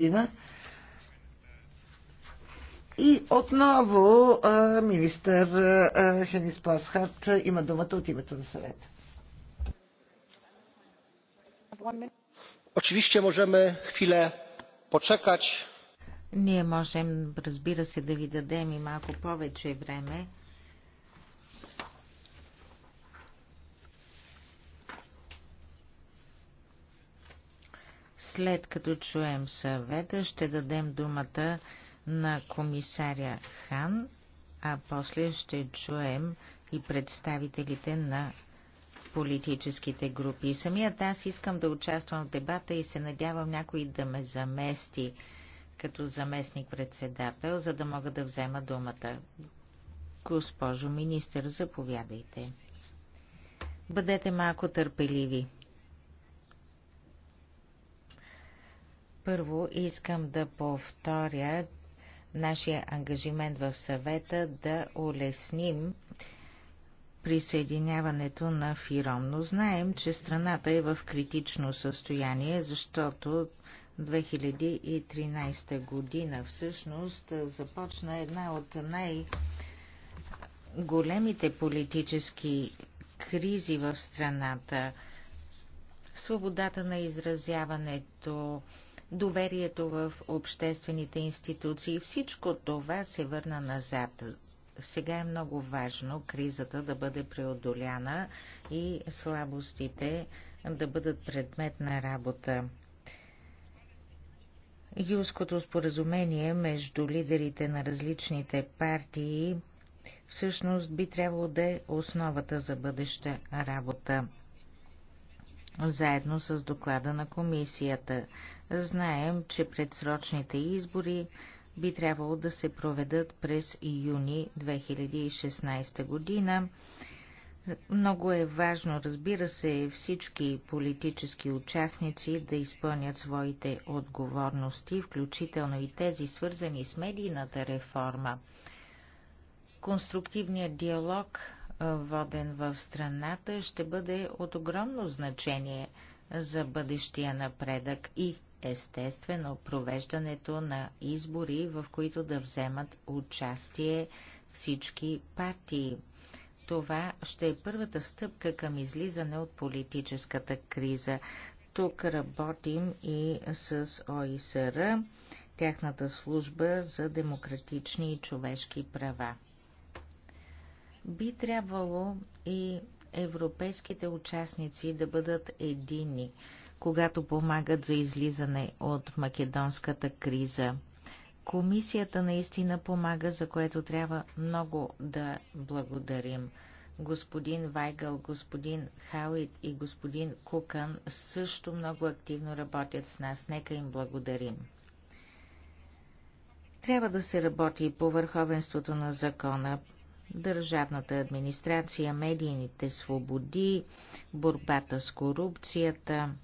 година. И отново министър Хенис Пласхарт има думата от името на съвета. Очевидно, можем хвиле poczekać. Ние можем, разбира се, да ви дадем и малко повече време, След като чуем съвета, ще дадем думата на комисаря Хан, а после ще чуем и представителите на политическите групи. Самият аз искам да участвам в дебата и се надявам някой да ме замести като заместник-председател, за да мога да взема думата. Госпожо министър, заповядайте. Бъдете малко търпеливи. Първо искам да повторя нашия ангажимент в съвета да улесним присъединяването на ФИРОМ. Но знаем, че страната е в критично състояние, защото 2013 година всъщност започна една от най-големите политически кризи в страната. Свободата на изразяването, доверието в обществените институции. Всичко това се върна назад. Сега е много важно кризата да бъде преодоляна и слабостите да бъдат предмет на работа. Юското споразумение между лидерите на различните партии всъщност би трябвало да е основата за бъдеща работа. Заедно с доклада на комисията Знаем, че предсрочните избори би трябвало да се проведат през юни 2016 година. Много е важно, разбира се, всички политически участници да изпълнят своите отговорности, включително и тези свързани с медийната реформа. Конструктивният диалог, воден в страната, ще бъде от огромно значение за бъдещия напредък и естествено провеждането на избори, в които да вземат участие всички партии. Това ще е първата стъпка към излизане от политическата криза. Тук работим и с ОИСР, тяхната служба за демократични и човешки права. Би трябвало и европейските участници да бъдат единни когато помагат за излизане от македонската криза. Комисията наистина помага, за което трябва много да благодарим. Господин Вайгъл, господин Хауит и господин Кукън също много активно работят с нас. Нека им благодарим. Трябва да се работи по върховенството на закона, държавната администрация, медийните свободи, борбата с корупцията –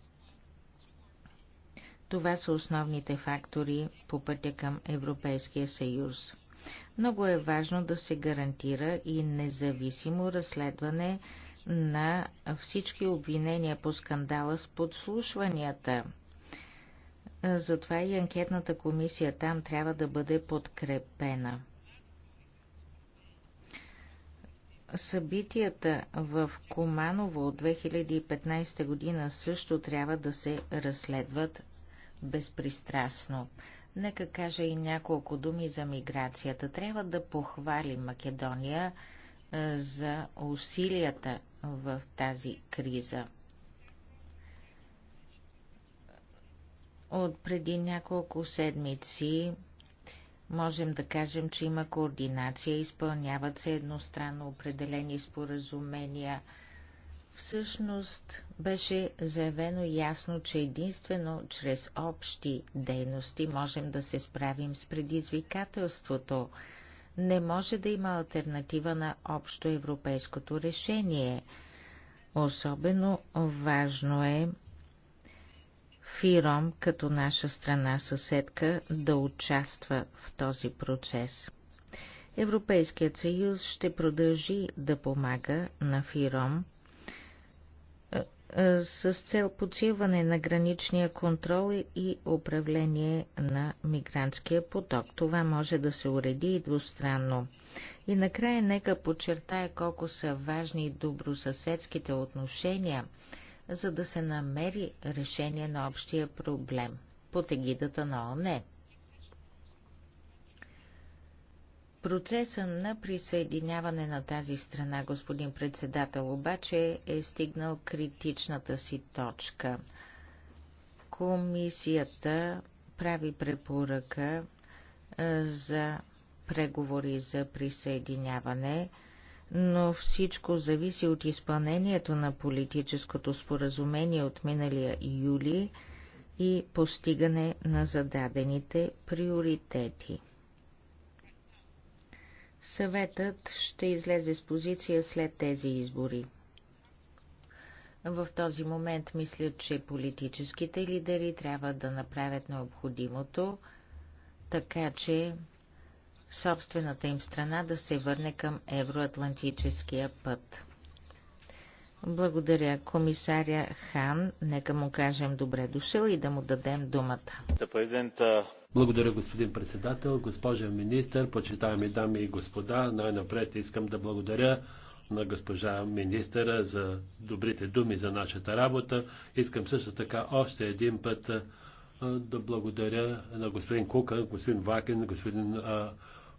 това са основните фактори по пътя към Европейския съюз. Много е важно да се гарантира и независимо разследване на всички обвинения по скандала с подслушванията. Затова и анкетната комисия там трябва да бъде подкрепена. Събитията в Команово от 2015 година също трябва да се разследват безпристрастно. Нека кажа и няколко думи за миграцията. Трябва да похвалим Македония е, за усилията в тази криза. От преди няколко седмици можем да кажем, че има координация, изпълняват се едностранно определени споразумения – Всъщност беше заявено ясно, че единствено чрез общи дейности можем да се справим с предизвикателството. Не може да има альтернатива на общо европейското решение. Особено важно е ФИРОМ като наша страна съседка да участва в този процес. Европейският съюз ще продължи да помага на ФИРОМ е, с цел подсилване на граничния контрол и управление на мигрантския поток. Това може да се уреди и двустранно. И накрая нека подчертая колко са важни добросъседските отношения, за да се намери решение на общия проблем под егидата на ОНЕ. Процесът на присъединяване на тази страна, господин председател, обаче е стигнал критичната си точка. Комисията прави препоръка е, за преговори за присъединяване, но всичко зависи от изпълнението на политическото споразумение от миналия юли и постигане на зададените приоритети. Съветът ще излезе с позиция след тези избори. В този момент мисля, че политическите лидери трябва да направят необходимото, така че собствената им страна да се върне към евроатлантическия път. Благодаря комисаря Хан. Нека му кажем добре дошъл и да му дадем думата. Благодаря, господин председател, госпожа министър, почитаеми дами и господа. Най-напред искам да благодаря на госпожа министъра за добрите думи за нашата работа. Искам също така още един път да благодаря на господин Кука, господин Вакин, господин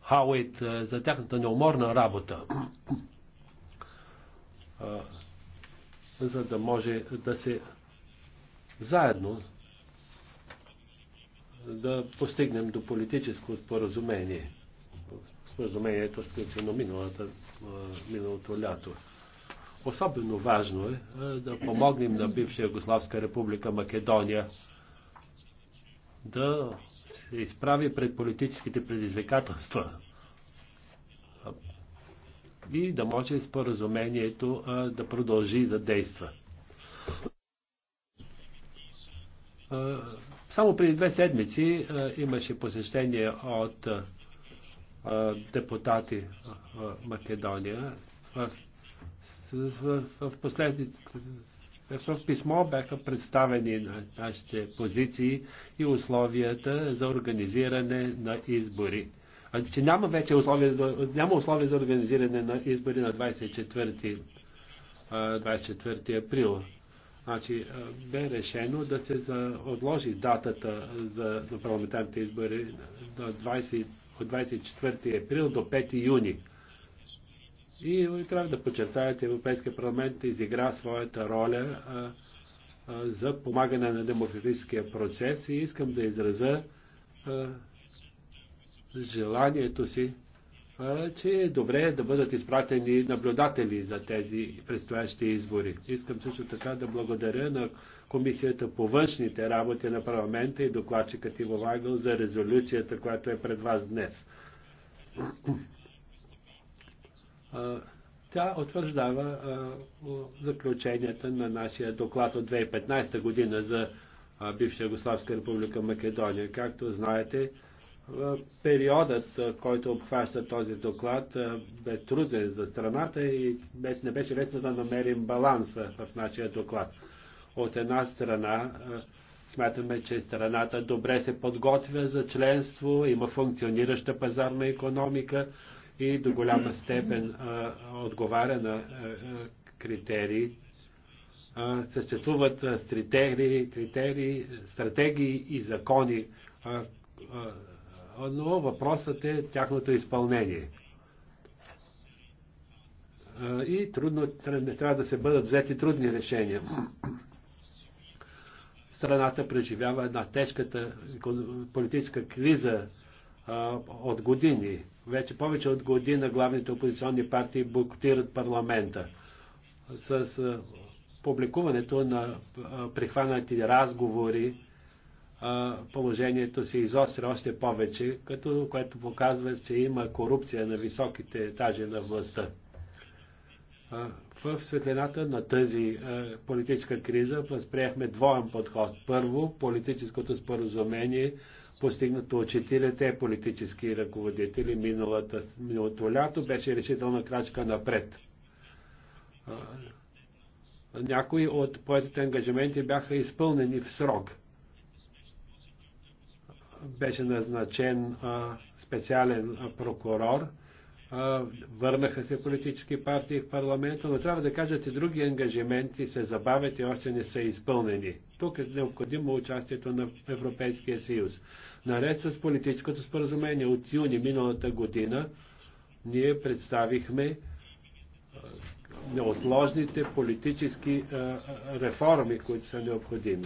Хауит за тяхната неуморна работа, за да може да се заедно да постигнем до политическо споразумение. Споразумението, е сключено миналата, миналото лято. Особено важно е да помогнем на бивша Югославска република Македония да се изправи пред политическите предизвикателства и да може споразумението да продължи да действа само преди две седмици имаше посещение от депутати в Македония. В, в, в, в писмо бяха представени на нашите позиции и условията за организиране на избори. А, че няма вече условия, няма условия за организиране на избори на 24, 24 април. Значи, бе решено да се за, отложи датата за, за парламентарните избори до 20, от 24 април до 5 юни. И трябва да подчертая, че Европейския парламент изигра своята роля а, а, за помагане на демократическия процес и искам да изразя а, желанието си че е добре да бъдат изпратени наблюдатели за тези предстоящи избори. Искам също така да благодаря на Комисията по външните работи на парламента и докладчикът Иво Вагъл за резолюцията, която е пред вас днес. Тя утвърждава заключенията на нашия доклад от 2015 година за бивша Югославска република Македония. Както знаете, Периодът, който обхваща този доклад, бе труден за страната и не беше лесно да намерим баланса в нашия доклад. От една страна, смятаме, че страната добре се подготвя за членство, има функционираща пазарна економика и до голяма степен а, отговаря на а, критерии. А, съществуват стратегии, критерии, стратегии и закони, а, но въпросът е тяхното изпълнение. И трудно трябва да се бъдат взети трудни решения. Страната преживява една тежката политическа криза от години. Вече повече от година главните опозиционни партии блокират парламента. С публикуването на прихванати разговори положението се изостря още повече, като, което показва, че има корупция на високите етажи на властта. В светлината на тази политическа криза възприехме двоен подход. Първо, политическото споразумение, постигнато от четирите политически ръководители миналата, миналото лято, беше решителна крачка напред. Някои от поетите ангажименти бяха изпълнени в срок – беше назначен а, специален а, прокурор. А, върнаха се политически партии в парламента, но трябва да кажат че други ангажименти се забавят и още не са изпълнени. Тук е необходимо участието на Европейския съюз. Наред с политическото споразумение от юни миналата година, ние представихме неотложните политически реформи, които са необходими.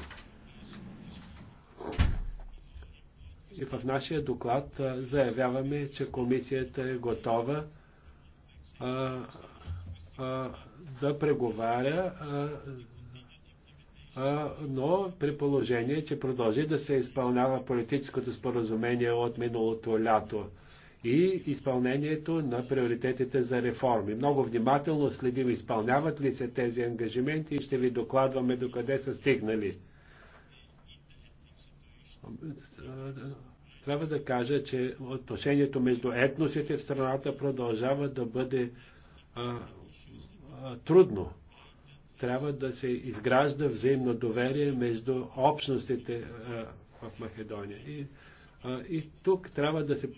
И в нашия доклад заявяваме, че комисията е готова а, а, да преговаря, а, а, но при положение, че продължи да се изпълнява политическото споразумение от миналото лято и изпълнението на приоритетите за реформи. Много внимателно следим изпълняват ли се тези ангажименти и ще ви докладваме докъде са стигнали трябва да кажа, че отношението между етносите в страната продължава да бъде а, а, трудно. Трябва да се изгражда взаимно доверие между общностите а, в Македония. И, а, и тук трябва да се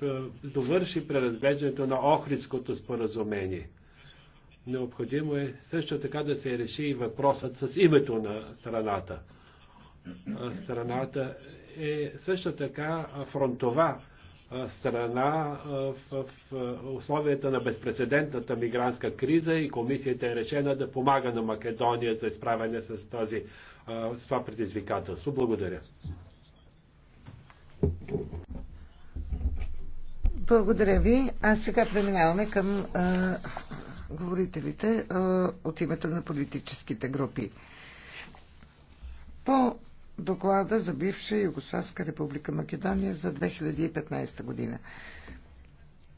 довърши преразглеждането на Охридското споразумение. Необходимо е също така да се реши и въпросът с името на страната. Страната е също така фронтова страна в условията на безпредседентната мигрантска криза и комисията е решена да помага на Македония за изправяне с, този, с това предизвикателство. Благодаря. Благодаря ви. А сега преминаваме към а, говорителите а, от името на политическите групи. По доклада за бивша Югославска република Македония за 2015 година.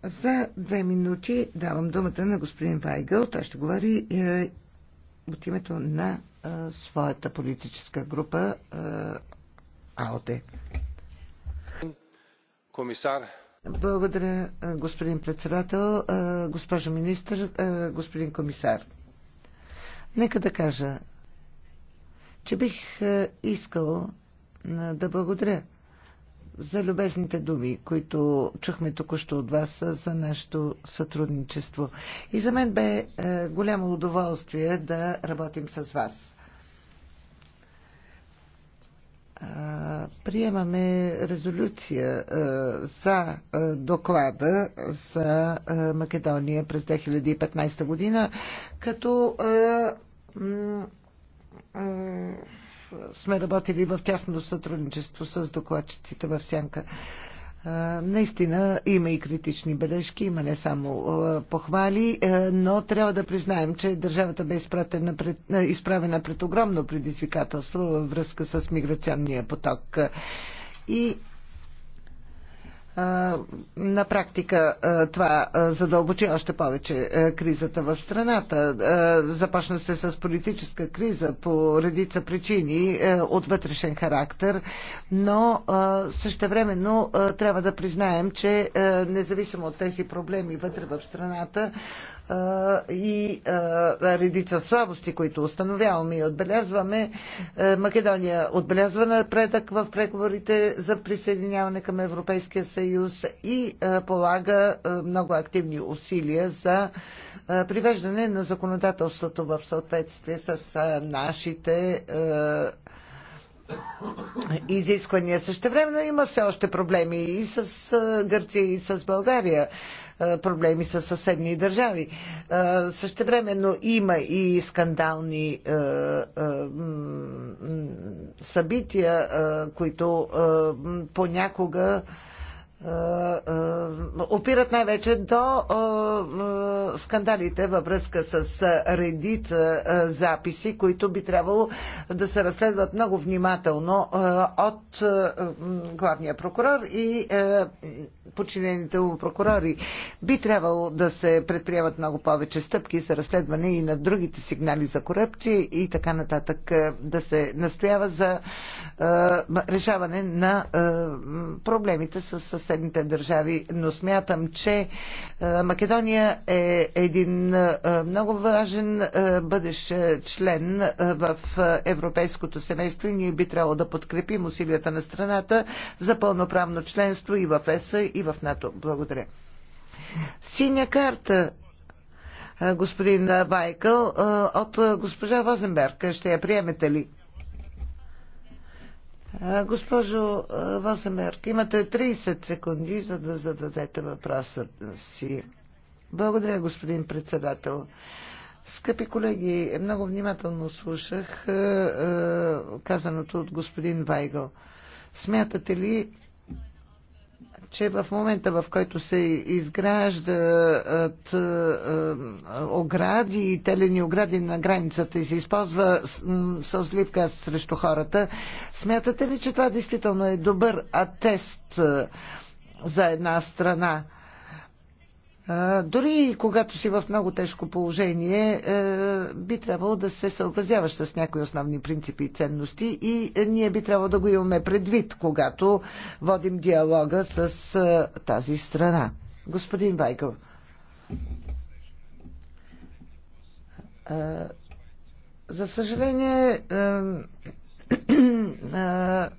За две минути давам думата на господин Вайгъл. Той ще говори е, от името на е, своята политическа група е, АОТЕ. Комисар. Благодаря, е, господин председател, е, госпожо министр, е, господин комисар. Нека да кажа, че бих е, искал е, да благодаря за любезните думи, които чухме току-що от вас е, за нашето сътрудничество. И за мен бе голямо удоволствие да работим с вас. Приемаме резолюция за доклада за Македония през 2015 година, като сме работили в тясно сътрудничество с докладчиците в Сянка. Е, наистина има и критични бележки, има не само е, похвали, е, но трябва да признаем, че държавата бе пред, изправена пред огромно предизвикателство във връзка с миграционния поток. И на практика това задълбочи още повече кризата в страната. Започна се с политическа криза по редица причини от вътрешен характер, но същевременно трябва да признаем, че независимо от тези проблеми вътре в страната, и редица слабости, които установяваме и отбелязваме. Е, Македония отбелязва напредък в преговорите за присъединяване към Европейския съюз и полага много активни усилия за привеждане на законодателството в съответствие с нашите изисквания. Също време има все още проблеми и с Гърция, и с България проблеми с съседни държави. Същевременно има и скандални събития, които понякога е, е, опират най-вече до е, скандалите във връзка с редица записи, които би трябвало да се разследват много внимателно от главния прокурор и подчинените му прокурори. Би трябвало да се предприемат много повече стъпки за разследване и на другите сигнали за корупция и така нататък да се настоява за решаване на проблемите с съседните държави, но смятам, че е, Македония е един е, много важен е, бъдещ член в европейското семейство и ние би трябвало да подкрепим усилията на страната за пълноправно членство и в ЕСА, и в НАТО. Благодаря. Синя карта господин Вайкъл от госпожа Возенберг. Ще я приемете ли? Госпожо Восемерк, имате 30 секунди, за да зададете въпроса си. Благодаря, господин председател. Скъпи колеги, много внимателно слушах казаното от господин Вайгъл. Смятате ли, че в момента, в който се изграждат е, е, огради и телени огради на границата и се използва сълзлив газ срещу хората, смятате ли, че това действително е добър атест е, за една страна? Дори когато си в много тежко положение, е, би трябвало да се съобразяваш с някои основни принципи и ценности и ние би трябвало да го имаме предвид, когато водим диалога с е, тази страна. Господин Вайков. Е, за съжаление,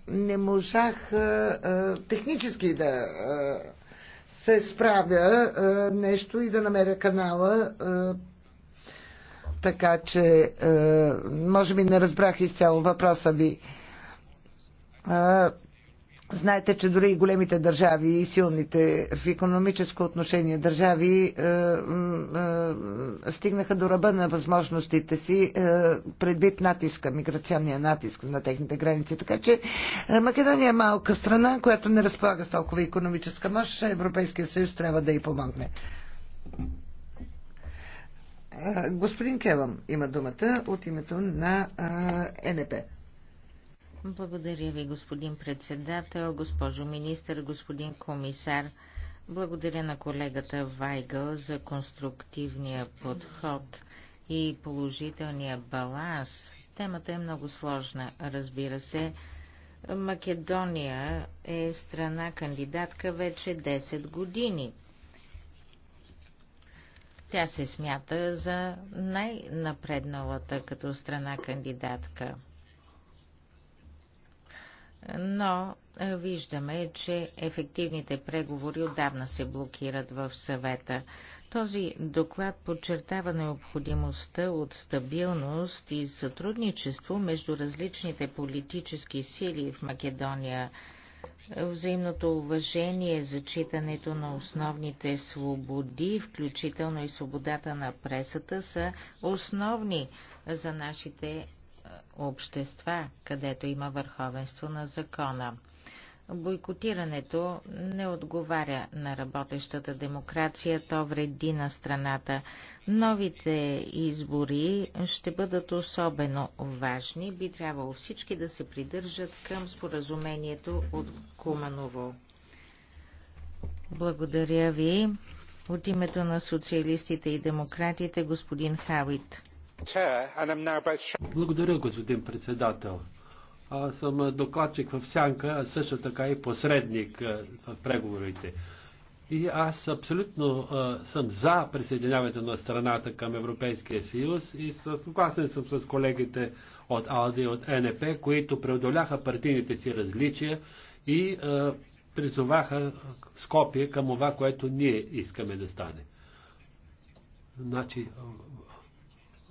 не можах технически да се справя а, нещо и да намеря канала. А, така че, а, може би не разбрах изцяло въпроса ви. Знаете, че дори и големите държави и силните в економическо отношение държави е, е, стигнаха до ръба на възможностите си е, предвид натиска, миграционния натиск на техните граници. Така че е, Македония е малка страна, която не разполага с толкова економическа мощ. Европейския съюз трябва да й помогне. Е, господин Келъм има думата от името на е, НП. Благодаря ви, господин председател, госпожо министър, господин комисар. Благодаря на колегата Вайгъл за конструктивния подход и положителния баланс. Темата е много сложна, разбира се. Македония е страна кандидатка вече 10 години. Тя се смята за най-напредналата като страна кандидатка но е, виждаме, че ефективните преговори отдавна се блокират в съвета. Този доклад подчертава необходимостта от стабилност и сътрудничество между различните политически сили в Македония, взаимното уважение, зачитането на основните свободи, включително и свободата на пресата, са основни за нашите общества, където има върховенство на закона. Бойкотирането не отговаря на работещата демокрация, то вреди на страната. Новите избори ще бъдат особено важни. Би трябвало всички да се придържат към споразумението от Куманово. Благодаря ви. От името на социалистите и демократите, господин Хавит. Благодаря, господин председател. Аз съм докладчик в Сянка, а също така и посредник в преговорите. И аз абсолютно съм за присъединяването на страната към Европейския съюз и съгласен съм с колегите от АЛДИ и от НП, които преодоляха партийните си различия и призоваха Скопие към това, което ние искаме да стане. Значи,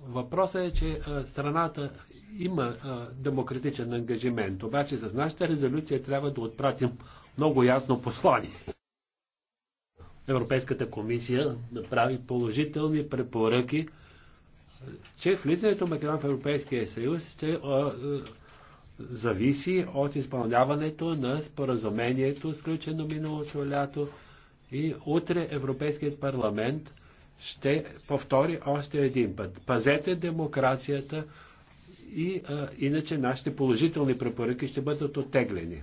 Въпросът е, че страната има демократичен ангажимент, обаче за нашата резолюция трябва да отпратим много ясно послание. Европейската комисия направи положителни препоръки, че влизането Македон в Европейския съюз ще зависи от изпълняването на споразумението, сключено миналото лято. И утре Европейският парламент ще повтори още един път. Пазете демокрацията и а, иначе нашите положителни препоръки ще бъдат оттеглени.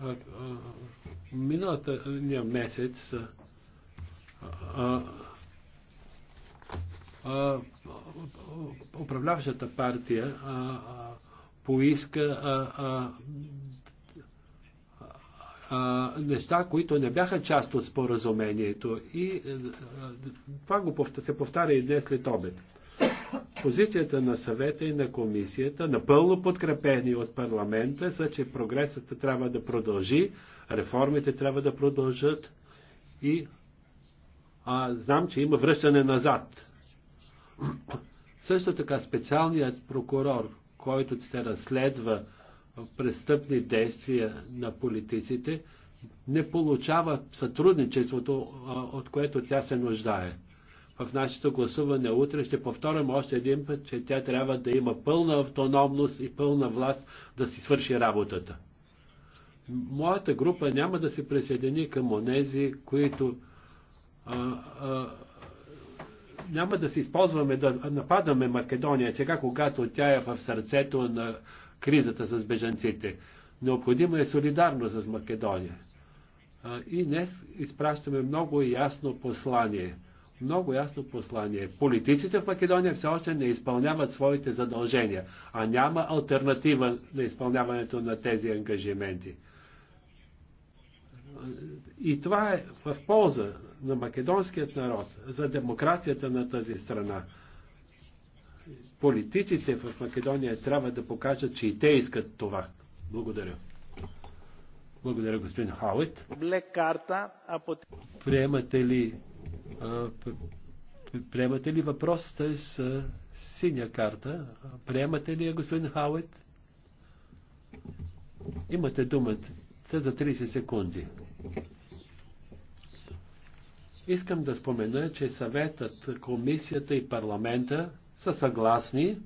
А, а, миналата ня, месец а, а, а, управляващата партия а, а, поиска а, а, неща, които не бяха част от споразумението. И това го повтаря, се повтаря и днес след обед. Позицията на съвета и на комисията, напълно подкрепени от парламента, са, че прогресът трябва да продължи, реформите трябва да продължат и а, знам, че има връщане назад. Също така специалният прокурор, който се разследва престъпни действия на политиците, не получава сътрудничеството, от което тя се нуждае. В нашето гласуване утре ще повторим още един път, че тя трябва да има пълна автономност и пълна власт да си свърши работата. Моята група няма да се присъедини към онези, които а, а, няма да се използваме да нападаме Македония сега, когато тя е в сърцето на кризата с бежанците. Необходима е солидарност с Македония. И днес изпращаме много ясно послание. Много ясно послание. Политиците в Македония все още не изпълняват своите задължения, а няма альтернатива на изпълняването на тези ангажименти. И това е в полза на македонският народ, за демокрацията на тази страна политиците в Македония трябва да покажат, че и те искат това. Благодаря. Благодаря, господин Хауит. Приемате ли, а, приемате ли въпросите с синя карта? Приемате ли, господин Хауит? Имате думата за 30 секунди. Искам да спомена, че съветът, комисията и парламента са съгласни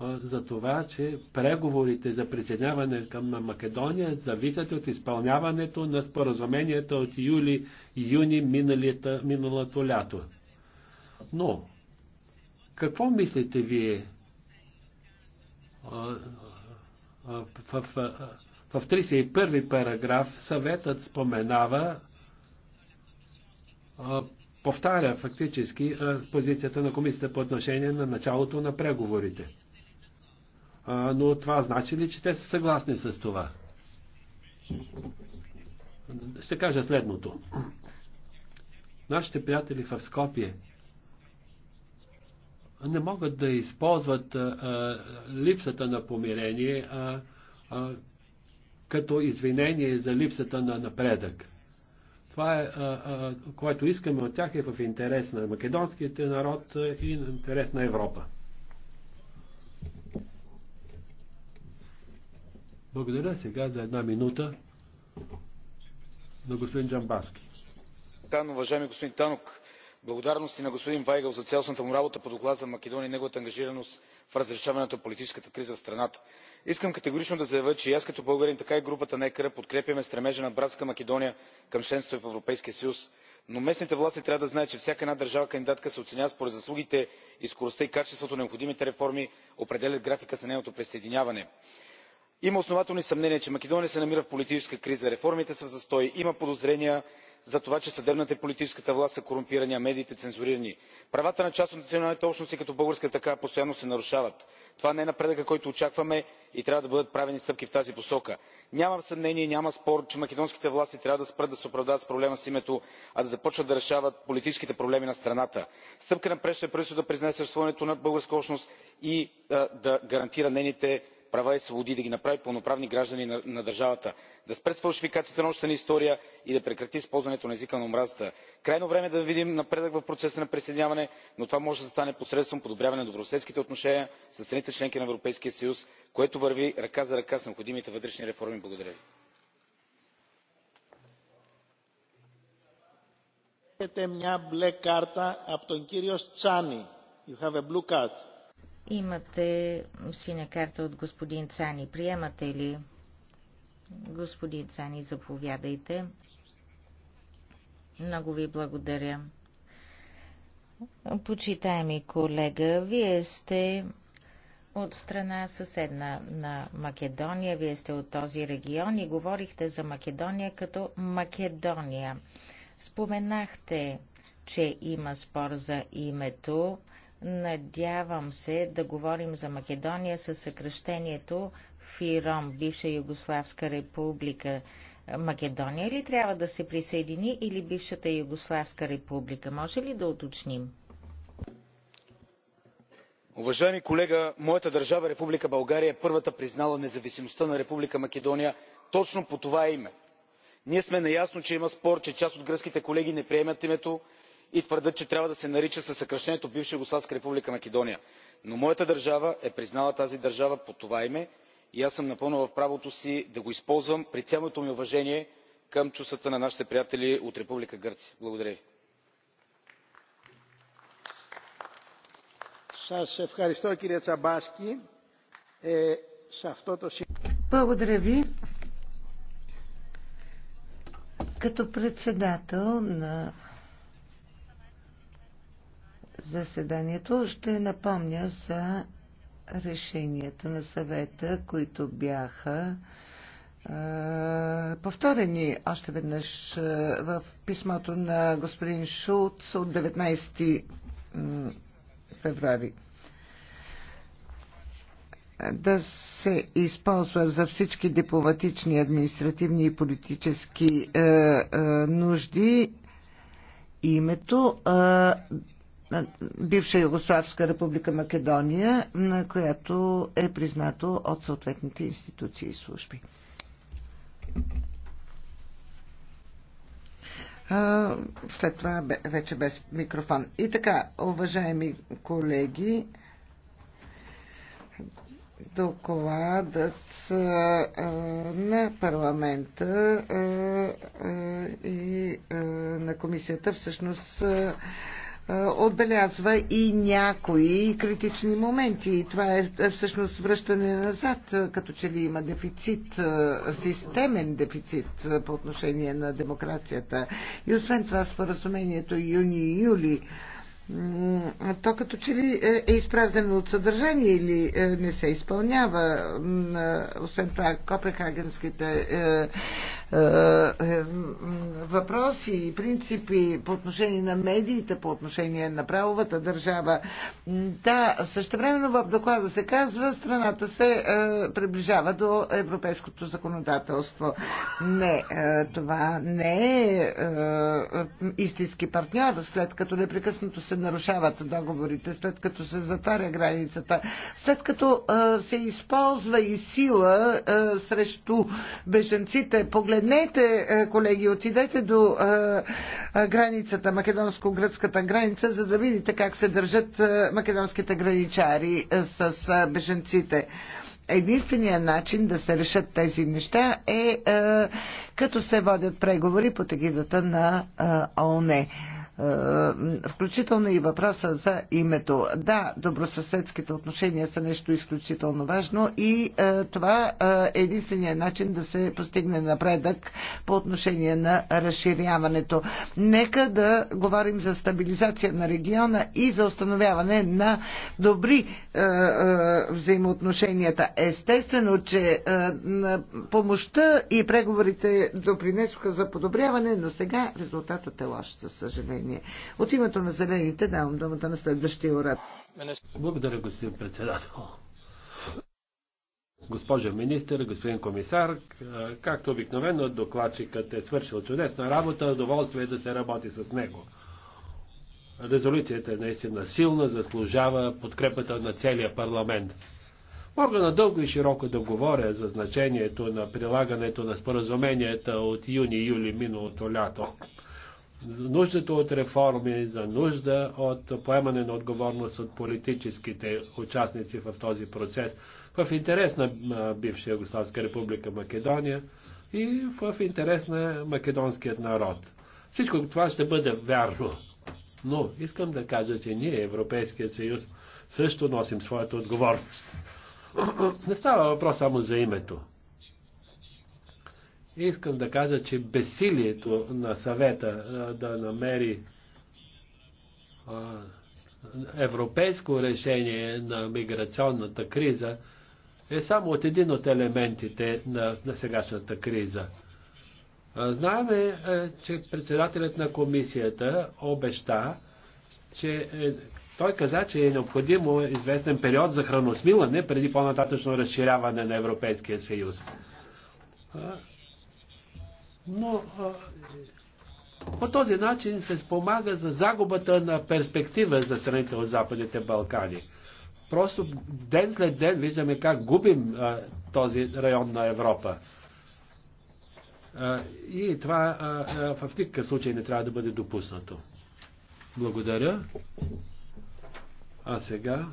за това, че преговорите за присъединяване към Македония зависят от изпълняването на споразуменията от юли и юни миналата, миналото лято. Но, какво мислите вие в, в, в 31 параграф съветът споменава повтаря фактически позицията на комисията по отношение на началото на преговорите. Но това значи ли, че те са съгласни с това? Ще кажа следното. Нашите приятели в Скопие не могат да използват липсата на помирение като извинение за липсата на напредък това, е, което искаме от тях е в интерес на македонските народ и в интерес на Европа. Благодаря сега за една минута на господин Джамбаски. Тан, уважаеми господин Танок, благодарности на господин Вайгъл за цялостната му работа по доклад за Македония и неговата ангажираност в разрешаването на политическата криза в страната искам категорично да заявя че и аз като българин така и групата на екр подкрепяме стремежа на братска македония към членство в европейския съюз но местните власти трябва да знаят че всяка една държава кандидатка се оценява според заслугите и скоростта и качеството на необходимите реформи определят графика за нейното присъединяване. има основателни съмнения че македония се намира в политическа криза реформите са в застой има подозрения за това че съдебната и политическата власт са корумпирани а медиите цензурирани. правата на част от националните общности като българската такава постоянно се нарушават. това не е напредъкът който очакваме и трябва да бъдат правени стъпки в тази посока. няма съмнение няма спор че македонските власти трябва да спрат да се оправдават с проблема с името а да започнат да решават политическите проблеми на страната. стъпка напред ще е правителството да признае съществуването на българска общност и да гарантира нейните права и свободи да ги направи пълноправни граждани на държавата да спре с фалшификацията на общата ни история и да прекрати използването на езика на омразата. крайно време е да видим напредък в процеса на присъединяване но това може да стане посредством подобряване на добросъседските отношения със страните членки на европейския съюз което върви ръка за ръка с необходимите вътрешни реформи. благодаря ви. Имате синя карта от господин Цани. Приемате ли? Господин Цани, заповядайте. Много ви благодаря. Почитаеми колега, вие сте от страна съседна на Македония, вие сте от този регион и говорихте за Македония като Македония. Споменахте, че има спор за името. Надявам се да говорим за Македония със съкръщението ФИРОМ, бивша Югославска република. Македония ли трябва да се присъедини или бившата Югославска република? Може ли да уточним? Уважаеми колега, моята държава Република България е първата признала независимостта на Република Македония точно по това име. Ние сме наясно, че има спор, че част от гръцките колеги не приемат името, и твърдят че трябва да се нарича със съкращението бивша югославска република македония. но моята държава е признала тази държава по това име и аз съм напълно в правото си да го използвам при цялото ми уважение към чувствата на нашите приятели от република гърция. благодаря ви. Благодаря ви. Като председател на заседанието ще напомня за решенията на съвета, които бяха повторени още веднъж в писмото на господин Шулц от 19 феврари. Да се използва за всички дипломатични, административни и политически е, е, нужди името. Е, бивша Югославска република Македония, на която е признато от съответните институции и служби. След това вече без микрофон. И така, уважаеми колеги, докладът на парламента и на комисията всъщност е, отбелязва и някои критични моменти. И това е, е всъщност връщане назад, е, като че ли има дефицит, системен дефицит по отношение на демокрацията. И освен това споразумението юни-юли то като че ли е, е изпразнено от съдържание или е, не се изпълнява. Е, освен това, копенхагенските въпроси и принципи по отношение на медиите, по отношение на правовата държава. Да, същевременно в доклада се казва, страната се приближава до европейското законодателство. Не, това не е истински партньор, след като непрекъснато се нарушават договорите, след като се затваря границата, след като се използва и сила срещу беженците. Погледнете, колеги, отидете до границата, македонско-гръцката граница, за да видите как се държат македонските граничари с беженците. Единственият начин да се решат тези неща е, е като се водят преговори под егидата на Оне. Е, включително и въпроса за името. Да, добросъседските отношения са нещо изключително важно и е, това е единствения начин да се постигне напредък по отношение на разширяването. Нека да говорим за стабилизация на региона и за установяване на добри е, взаимоотношенията. Естествено, че помощта и преговорите допринесоха за подобряване, но сега резултатът е лош, за съжаление решение. От името на зелените давам думата на следващия урад. Благодаря, господин председател. Госпожа министър, господин комисар, както обикновено докладчикът е свършил чудесна работа, удоволствие е да се работи с него. Резолюцията е наистина силна, заслужава подкрепата на целия парламент. Мога надълго и широко да говоря за значението на прилагането на споразуменията от юни-юли миналото лято за нуждата от реформи, за нужда от поемане на отговорност от политическите участници в този процес, в интерес на бивша Югославска република Македония и в интерес на македонският народ. Всичко това ще бъде вярно. Но искам да кажа, че ние, Европейският съюз, също носим своята отговорност. Не става въпрос само за името. Искам да кажа, че бесилието на съвета да намери европейско решение на миграционната криза е само от един от елементите на, на сегашната криза. Знаеме, е, че председателят на комисията обеща, че е, той каза, че е необходимо известен период за храносмилане преди по-нататъчно разширяване на Европейския съюз но по този начин се спомага за загубата на перспектива за страните от Западните Балкани. Просто ден след ден виждаме как губим а, този район на Европа. А, и това а, а, в никакъв случай не трябва да бъде допуснато. Благодаря. А сега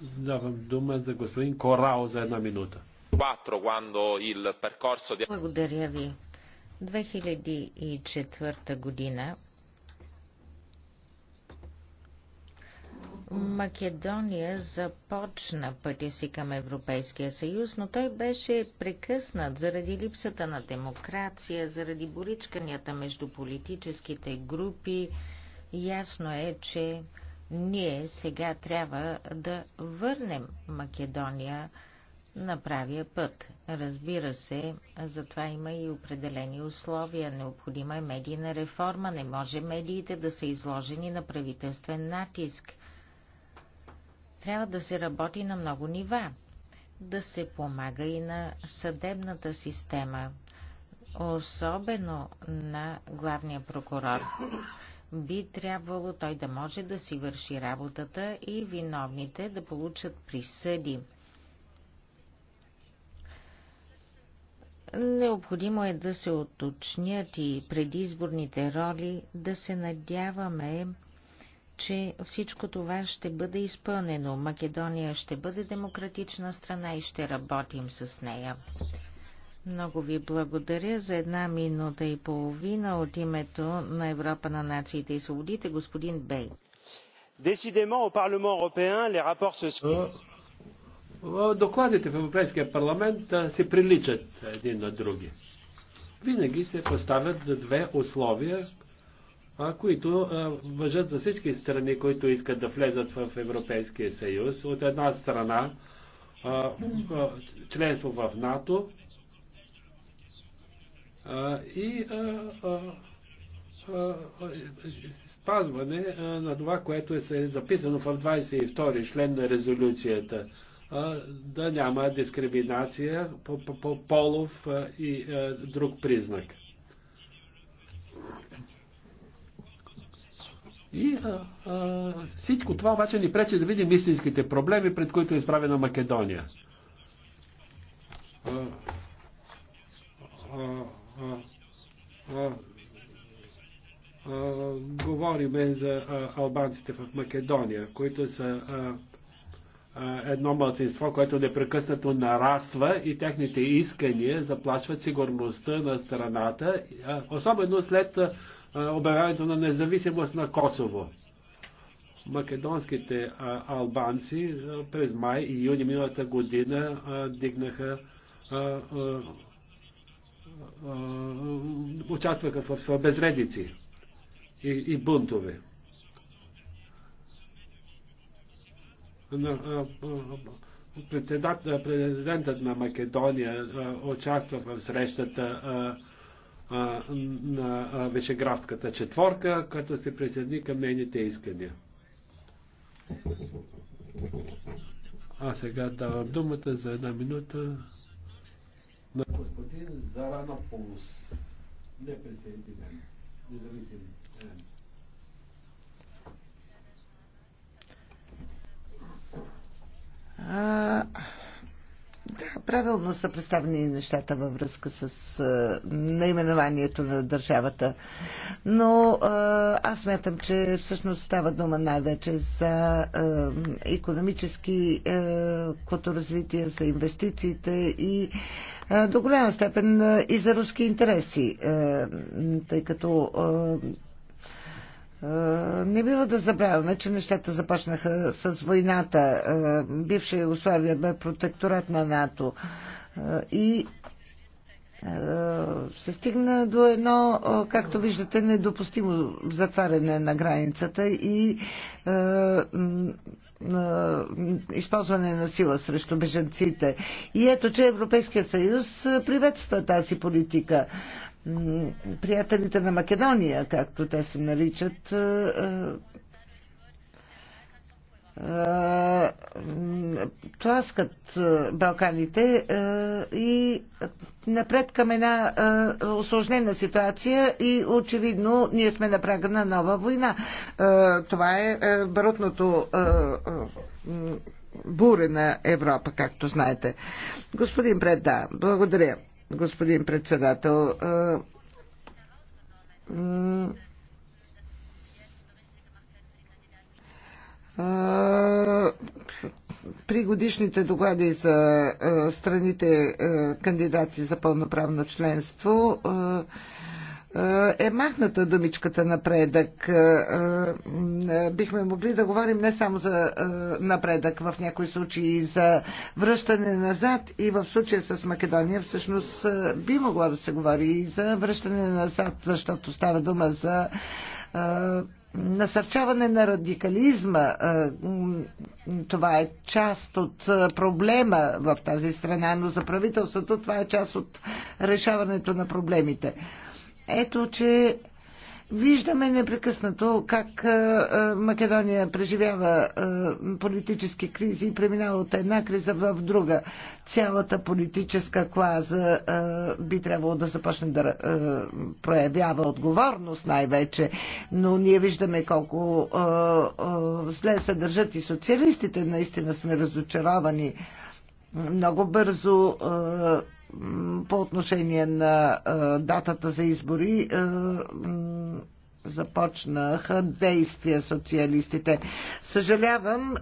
давам дума за господин Корао за една минута. Благодаря ви. 2004 година Македония започна пътя си към Европейския съюз, но той беше прекъснат заради липсата на демокрация, заради боричканията между политическите групи. Ясно е, че ние сега трябва да върнем Македония на правия път. Разбира се, затова има и определени условия. Необходима е медийна реформа. Не може медиите да са изложени на правителствен натиск. Трябва да се работи на много нива. Да се помага и на съдебната система, особено на главния прокурор. Би трябвало той да може да си върши работата и виновните да получат присъди. Необходимо е да се оточнят и предизборните роли, да се надяваме, че всичко това ще бъде изпълнено. Македония ще бъде демократична страна и ще работим с нея. Много ви благодаря за една минута и половина от името на Европа на нациите и свободите, господин Бей. Décidément, au Parlement européen, les rapports se е, Докладите в Европейския парламент се приличат един на други. Винаги се поставят две условия, които въжат за всички страни, които искат да влезат в Европейския съюз. От една страна членство в НАТО и спазване на това, което е записано в 22 член на резолюцията да няма дискриминация по, по, по полов и друг признак. И а, а, всичко това обаче ни пречи да видим истинските проблеми, пред които е изправена Македония. Говориме за а, за албанците в Македония, които са едно мълцинство, което непрекъснато нараства и техните искания заплашват сигурността на страната, особено след обявяването на независимост на Косово. Македонските албанци през май и юни миналата година дигнаха участваха в безредици и, и бунтове. Президентът на Македония участва в срещата на Вишеградската четворка, като се присъедини към нейните искания. А сега давам думата за една минута на господин Зарана Полус. Неприсъединен. Независим. Е, А, да, правилно са представени нещата във връзка с а, наименованието на държавата. Но а, аз мятам, че всъщност става дума най-вече за а, економически а, развитие, за инвестициите и а, до голяма степен а, и за руски интереси, а, тъй като а, е, не бива да забравяме, че нещата започнаха с войната. Е, Бивша Югославия бе протекторат на НАТО е, и се стигна до едно, както виждате, недопустимо затваряне на границата и използване на сила срещу беженците. И ето, че Европейския съюз приветства тази политика приятелите на Македония, както те се наричат, е, е, е, тласкат Балканите и напред към една осложнена ситуация и очевидно ние сме на прага на нова война. Това е бъртното буре на Европа, както знаете. Господин Пред, да, благодаря господин председател. При годишните доклади за страните кандидати за пълноправно членство е махната думичката напредък. Е, е, бихме могли да говорим не само за е, напредък, в някои случаи и за връщане назад и в случая с Македония всъщност би могло да се говори и за връщане назад, защото става дума за насърчаване на радикализма. Това е част от проблема в тази страна, но за правителството това е част от решаването на проблемите. Ето, че Виждаме непрекъснато как Македония преживява политически кризи и преминава от една криза в друга. Цялата политическа клаза би трябвало да започне да проявява отговорност най-вече, но ние виждаме колко зле се държат и социалистите. Наистина сме разочаровани. Много бързо по отношение на датата за избори започнаха действия социалистите. Съжалявам,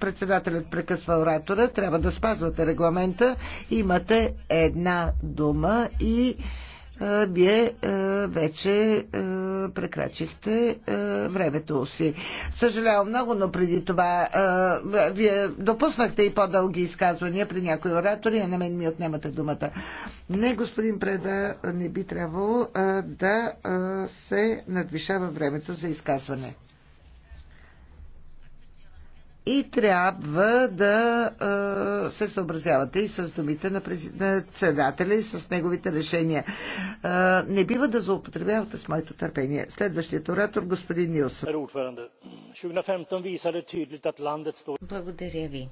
председателят прекъсва оратора, трябва да спазвате регламента. Имате една дума и вие вече прекрачихте времето си. Съжалявам много, но преди това вие допуснахте и по-дълги изказвания при някои оратори, а на мен ми отнемате думата. Не, господин Преда, не би трябвало да се надвишава времето за изказване и трябва да а, се съобразявате и с думите на председателя и с неговите решения. А, не бива да злоупотребявате с моето търпение. Следващият оратор, господин Нилсън. Благодаря ви.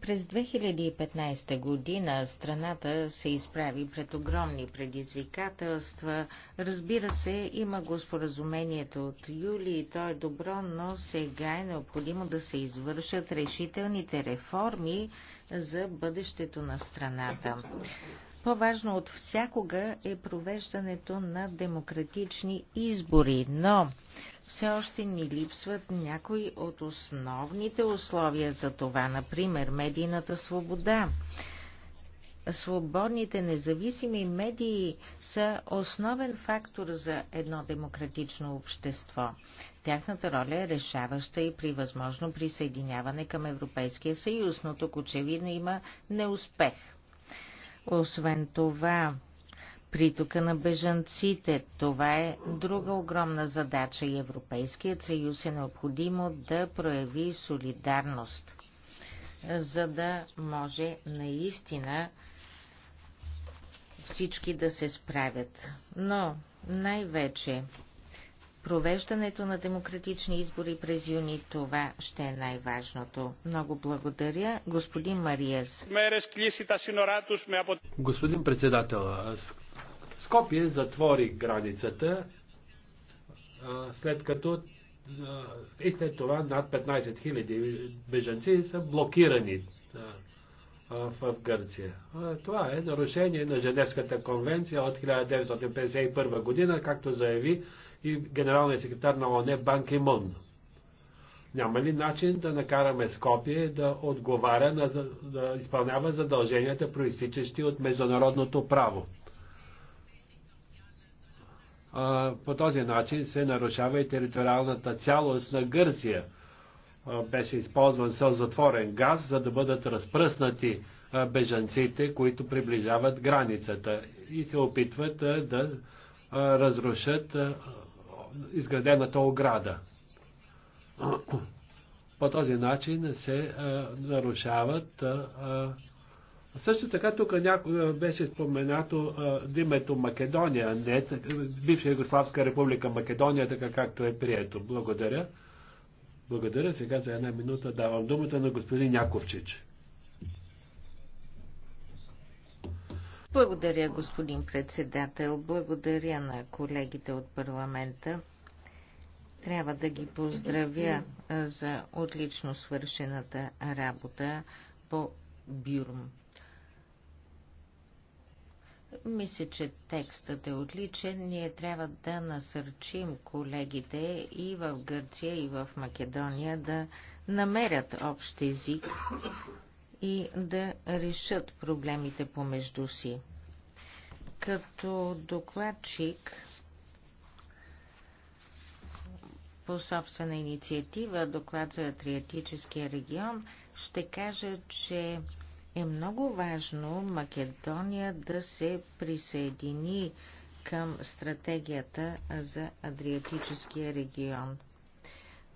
През 2015 година страната се изправи пред огромни предизвикателства. Разбира се, има го споразумението от юли и то е добро, но сега е необходимо да се извършат решителните реформи за бъдещето на страната. По-важно от всякога е провеждането на демократични избори, но все още ни липсват някои от основните условия за това, например медийната свобода. Свободните независими медии са основен фактор за едно демократично общество. Тяхната роля е решаваща и при възможно присъединяване към Европейския съюз, но тук очевидно има неуспех. Освен това, притока на бежанците. Това е друга огромна задача и Европейският съюз е необходимо да прояви солидарност, за да може наистина всички да се справят. Но най-вече провеждането на демократични избори през юни, това ще е най-важното. Много благодаря, господин Мариес. Господин председател, Скопие затвори границата, след като и след това над 15 000 бежанци са блокирани в Гърция. Това е нарушение на Женевската конвенция от 1951 година, както заяви и генералният секретар на ОНЕ Бан Кимон. Няма ли начин да накараме Скопие да отговаря, на, да изпълнява задълженията, проистичащи от международното право? По този начин се нарушава и териториалната цялост на Гърция. Беше използван сълзотворен газ, за да бъдат разпръснати бежанците, които приближават границата и се опитват да разрушат изградената ограда. По този начин се нарушават също така тук някой беше споменато името Македония, не е бивша Югославска република Македония, така както е прието. Благодаря. Благодаря. Сега за една минута давам думата на господин Яковчич. Благодаря, господин председател. Благодаря на колегите от парламента. Трябва да ги поздравя за отлично свършената работа по Бюрм. Мисля, че текстът е отличен. Ние трябва да насърчим колегите и в Гърция, и в Македония да намерят общ език и да решат проблемите помежду си. Като докладчик по собствена инициатива, доклад за Атриатическия регион, ще кажа, че е много важно Македония да се присъедини към стратегията за Адриатическия регион.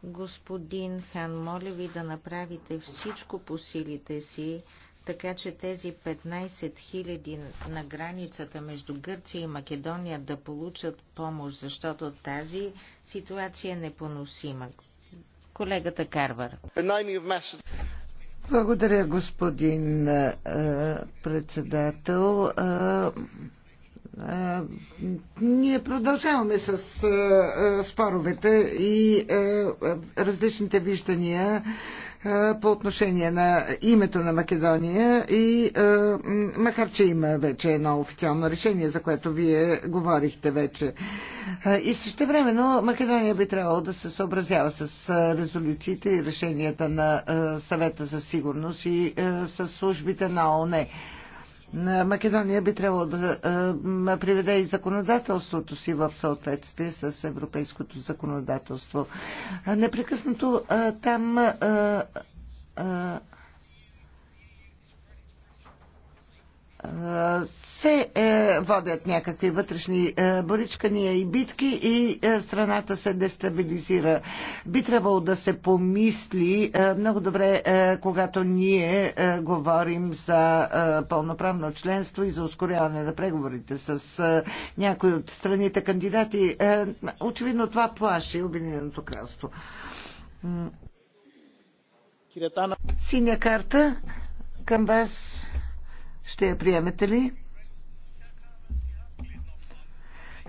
Господин Хан, моля ви да направите всичко по силите си, така че тези 15 000 на границата между Гърция и Македония да получат помощ, защото тази ситуация е непоносима. Колегата Карвар. Благодаря, господин председател. Ние продължаваме с споровете и различните виждания по отношение на името на Македония и макар, че има вече едно официално решение, за което вие говорихте вече. И също времено Македония би трябвало да се съобразява с резолюциите и решенията на съвета за сигурност и с службите на ОНЕ. Македония би трябвало да е, приведе и законодателството си в съответствие с европейското законодателство. Непрекъснато е, там е, се е, водят някакви вътрешни е, боричкания и битки и е, страната се дестабилизира. Би трябвало да се помисли е, много добре, е, когато ние е, говорим за е, пълноправно членство и за ускоряване на преговорите с е, някои от страните кандидати. Е, очевидно това плаши Обединеното кралство. Синя карта към вас. Ще я приемете ли?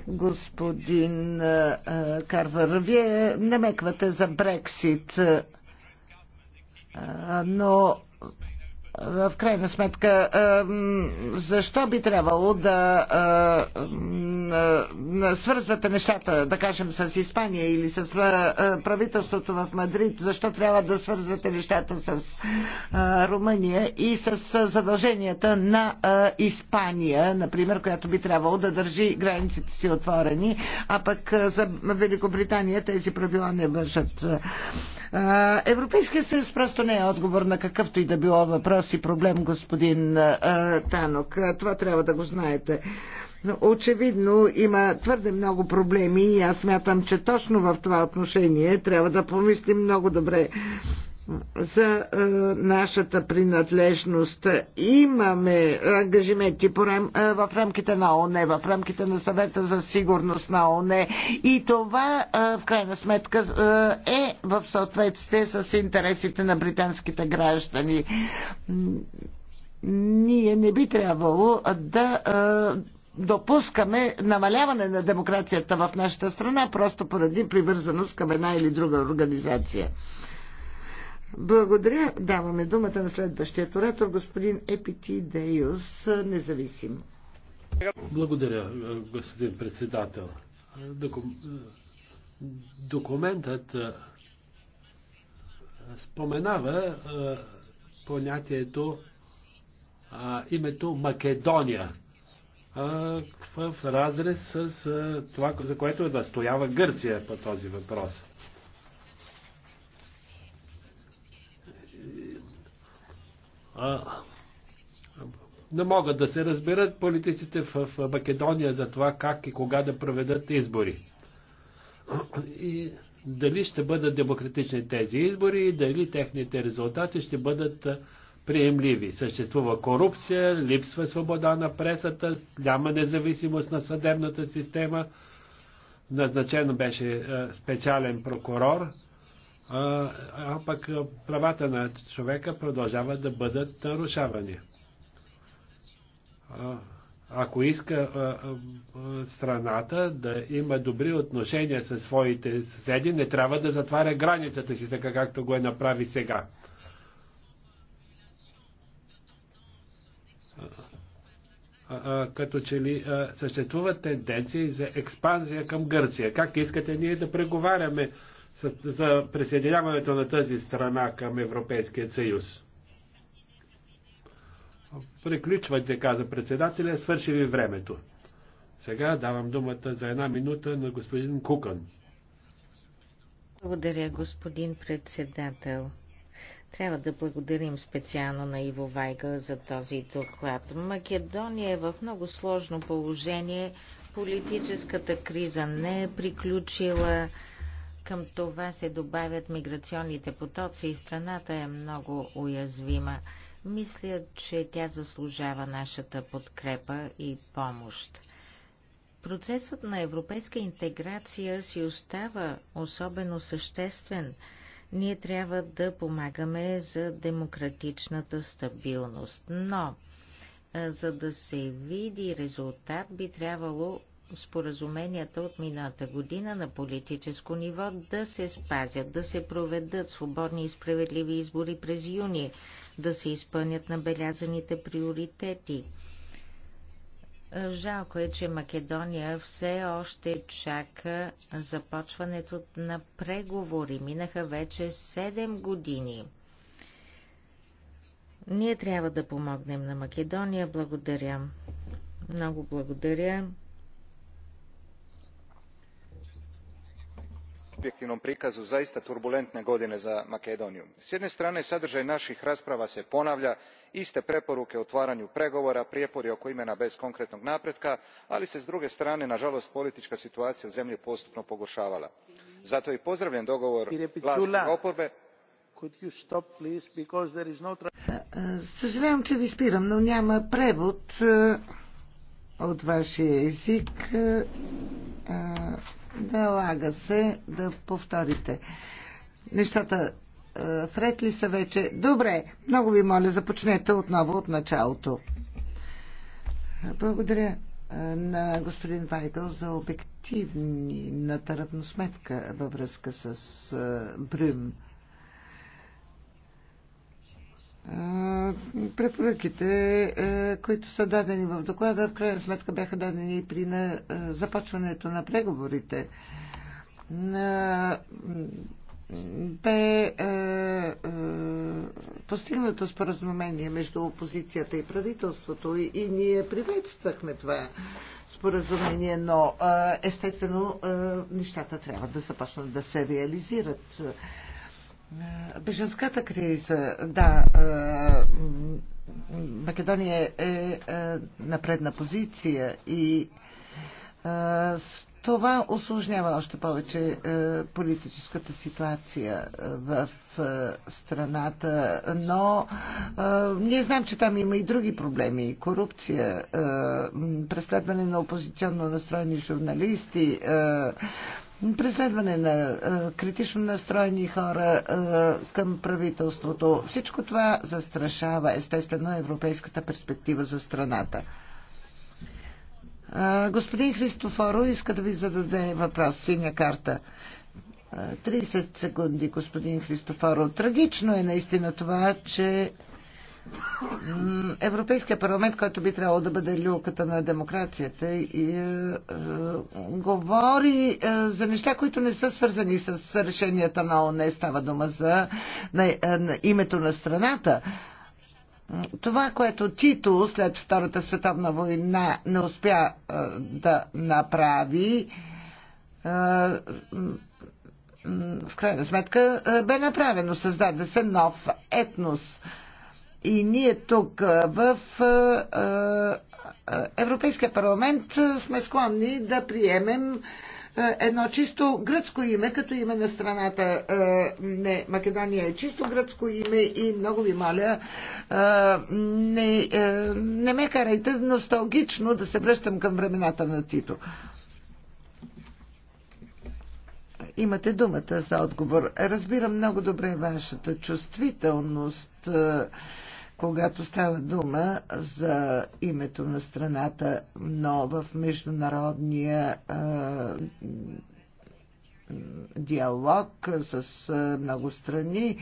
Господин Карвар, вие намеквате за Брексит, но в крайна сметка, защо би трябвало да свързвате нещата, да кажем, с Испания или с правителството в Мадрид? Защо трябва да свързвате нещата с Румъния и с задълженията на Испания, например, която би трябвало да държи границите си отворени, а пък за Великобритания тези правила не вършат. Европейския съюз просто не е отговор на какъвто и да било въпрос и проблем, господин Танок. Това трябва да го знаете. Очевидно има твърде много проблеми и аз мятам, че точно в това отношение трябва да помислим много добре за а, е, нашата принадлежност. Имаме ангажименти по рам, е, в рамките на ОНЕ, в рамките на съвета за сигурност на ОНЕ и това а, е, в крайна сметка е, е в съответствие с интересите на британските граждани. Ние не би трябвало да А, допускаме намаляване на демокрацията в нашата страна, просто поради привързаност към една или друга организация. Благодаря. Даваме думата на следващия оратор, господин Епити Деюс, независим. Благодаря, е, господин председател. Документът е, споменава е, понятието името Македония в разрез с това, за което настоява Гърция по този въпрос. не могат да се разберат политиците в Македония за това как и кога да проведат избори. И дали ще бъдат демократични тези избори и дали техните резултати ще бъдат приемливи. Съществува корупция, липсва свобода на пресата, няма независимост на съдебната система. Назначено беше специален прокурор, а, а пък правата на човека продължават да бъдат нарушавани. А, ако иска а, а, страната да има добри отношения със своите съседи, не трябва да затваря границата си, така както го е направи сега. като че ли съществуват тенденции за експанзия към Гърция. Как искате ние да преговаряме за присъединяването на тази страна към Европейския съюз. Приключвайте, каза председателя, свърши ви времето. Сега давам думата за една минута на господин Кукан. Благодаря, господин председател. Трябва да благодарим специално на Иво Вайга за този доклад. Македония е в много сложно положение. Политическата криза не е приключила. Към това се добавят миграционните потоци и страната е много уязвима. Мисля, че тя заслужава нашата подкрепа и помощ. Процесът на европейска интеграция си остава особено съществен. Ние трябва да помагаме за демократичната стабилност, но за да се види резултат би трябвало споразуменията от мината година на политическо ниво да се спазят, да се проведат свободни и справедливи избори през юни, да се изпълнят набелязаните приоритети. Жалко е, че Македония все още чака започването на преговори. Минаха вече 7 години. Ние трябва да помогнем на Македония. Благодаря. Много благодаря. objektivnom prikazu zaista turbulentne godine za makedoniju. s jedne strane sadraj naih rasprava se ponavlja iste preporuke o otvaranju pregovora prijepori oko imena bez konkretnog napretka ali se s druge strane naalost politika situacija u zemlji postupno pogoravala. zato i pozdravljam dogovor glasne oporbe Налага се да повторите. Нещата е, вред ли са вече? Добре, много ви моля, започнете отново от началото. Благодаря е, на господин Вайгъл за обективната равносметка във връзка с е, Брюм. Препоръките, които са дадени в доклада, в крайна сметка бяха дадени и при започването на преговорите. Бе постигнато споразумение между опозицията и правителството и ние приветствахме това споразумение, но естествено нещата трябва да започнат да се реализират. Беженската криза, да, е, Македония е, е на предна позиция и е, това осложнява още повече политическата ситуация в страната, но ние знаем, че там има и други проблеми. Корупция, преследване на опозиционно настроени журналисти, преследване на критично настроени хора към правителството. Всичко това застрашава естествено европейската перспектива за страната. Господин Христофоро иска да ви зададе въпрос. Синя карта. 30 секунди, господин Христофоро. Трагично е наистина това, че Европейския парламент, който би трябвало да бъде люката на демокрацията, и, е, е, говори е, за неща, които не са свързани с решенията на ОНЕ. Става дума за на, е, на името на страната. Това, което Тито след Втората световна война не успя е, да направи, е, в крайна сметка е, бе направено. Създаде се нов етнос. Е, и ние тук в Европейския парламент сме склонни да приемем едно чисто гръцко име, като име на страната. Не, Македония е чисто гръцко име и много ви моля, не, не ме карайте носталгично да се връщам към времената на Тито. Имате думата за отговор. Разбирам много добре вашата чувствителност когато става дума за името на страната, но в международния диалог с много страни.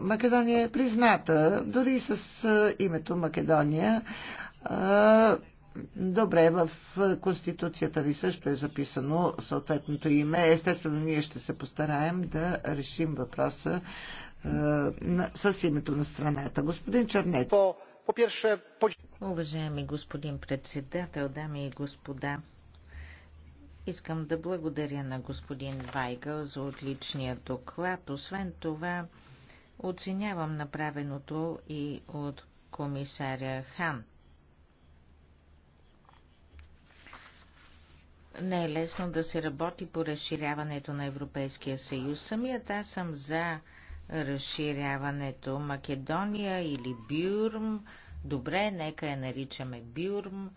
Македония е призната, дори с името Македония. Добре, в Конституцията ви също е записано съответното име. Естествено, ние ще се постараем да решим въпроса е, с името на страната. Господин Чернет. Уважаеми господин председател, дами и господа, искам да благодаря на господин Вайгъл за отличния доклад. Освен това, оценявам направеното и от комисаря Хан. Не е лесно да се работи по разширяването на Европейския съюз. Самият аз съм за разширяването Македония или Бюрм, добре, нека я наричаме Бюрм,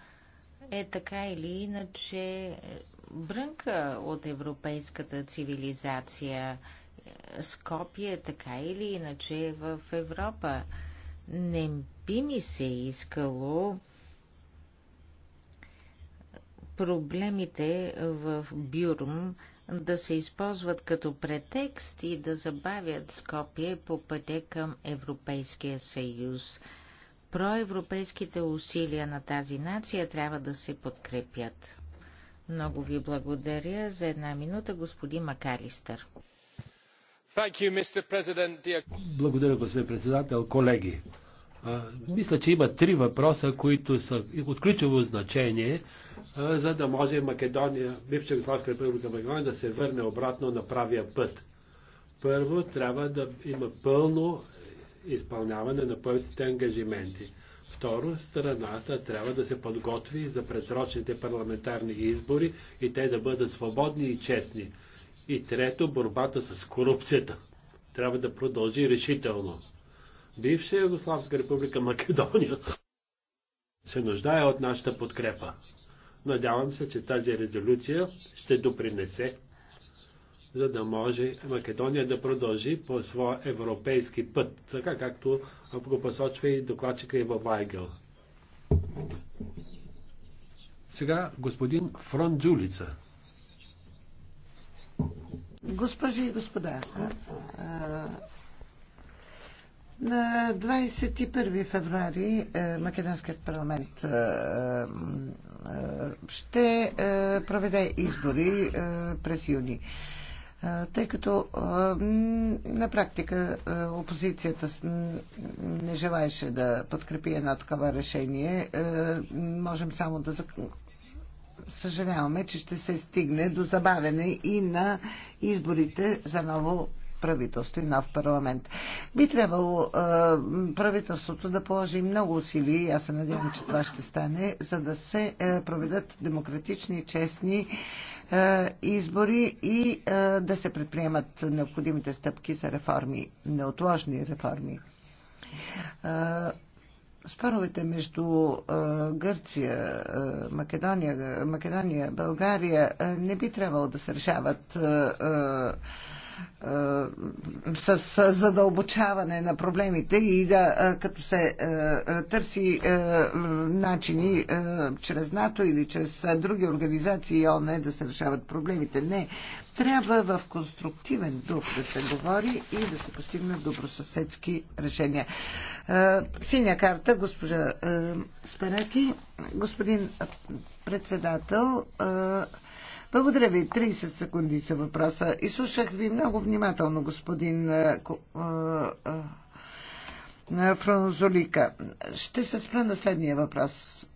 е така или иначе брънка от европейската цивилизация. Скопие така или иначе е в Европа. Не би ми се искало проблемите в Бюрм да се използват като претекст и да забавят Скопие по пътя към Европейския съюз. Проевропейските усилия на тази нация трябва да се подкрепят. Много ви благодаря за една минута, господин Макалистър. Благодаря, господин председател, колеги. Мисля, че има три въпроса, които са от ключово значение, за да може Македония, бивша Гославска република Македония, да се върне обратно на правия път. Първо, трябва да има пълно изпълняване на първите ангажименти. Второ, страната трябва да се подготви за предсрочните парламентарни избори и те да бъдат свободни и честни. И трето, борбата с корупцията трябва да продължи решително бивша Югославска република Македония се нуждае от нашата подкрепа. Надявам се, че тази резолюция ще допринесе, за да може Македония да продължи по своя европейски път, така както го посочва и докладчика Ива Вайгъл. Сега господин Джулица. Госпожи и господа, на 21 февруари е, Македонският парламент е, е, ще проведе избори през юни. Тъй като на практика опозицията не желаеше да подкрепи едно такова решение, можем само да съжаляваме, че ще се стигне до забавене и на изборите за ново правителство и нов парламент. Би трябвало правителството да положи много усилия и аз се надявам, че това ще стане, за да се проведат демократични, честни избори и да се предприемат необходимите стъпки за реформи, неотложни реформи. Споровете между Гърция, Македония, Македония, България не би трябвало да се решават е, с задълбочаване на проблемите и да е, като се е, търси начини чрез НАТО или чрез други организации и ОНЕ да се решават проблемите. Не. Трябва в конструктивен дух да се говори и да се постигнат добросъседски решения. Синя карта, госпожа Спенаки, господин председател, благодаря ви. 30 секунди са въпроса. И слушах ви много внимателно, господин Франзолика. Ще се спра на следния въпрос.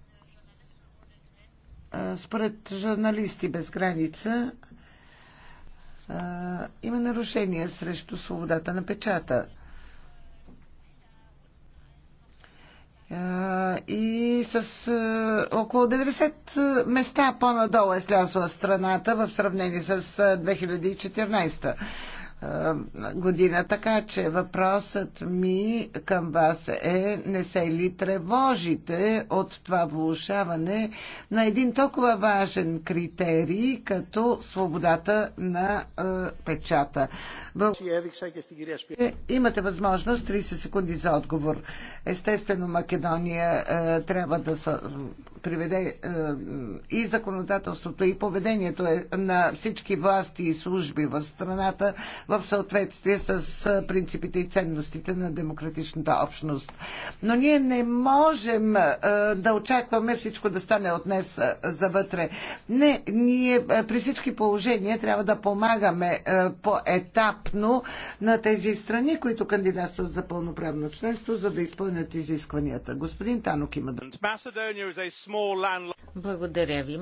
Според журналисти без граница има нарушения срещу свободата на печата. и с около 90 места по-надолу е слязла страната в сравнение с 2014. Е, година. Така че въпросът ми към вас е, не се ли тревожите от това влушаване на един толкова важен критерий, като свободата на е, печата? Бъл... Е, имате възможност 30 секунди за отговор. Естествено, Македония е, трябва да са приведе е, и законодателството, и поведението е на всички власти и служби в страната в съответствие с е, принципите и ценностите на демократичната общност. Но ние не можем да очакваме всичко да стане от днес за вътре. Не, ние при всички положения трябва да помагаме по-етапно на тези страни, които кандидатстват за пълноправно членство, за да изпълнят изискванията. Господин Танок има да. Благодаря ви.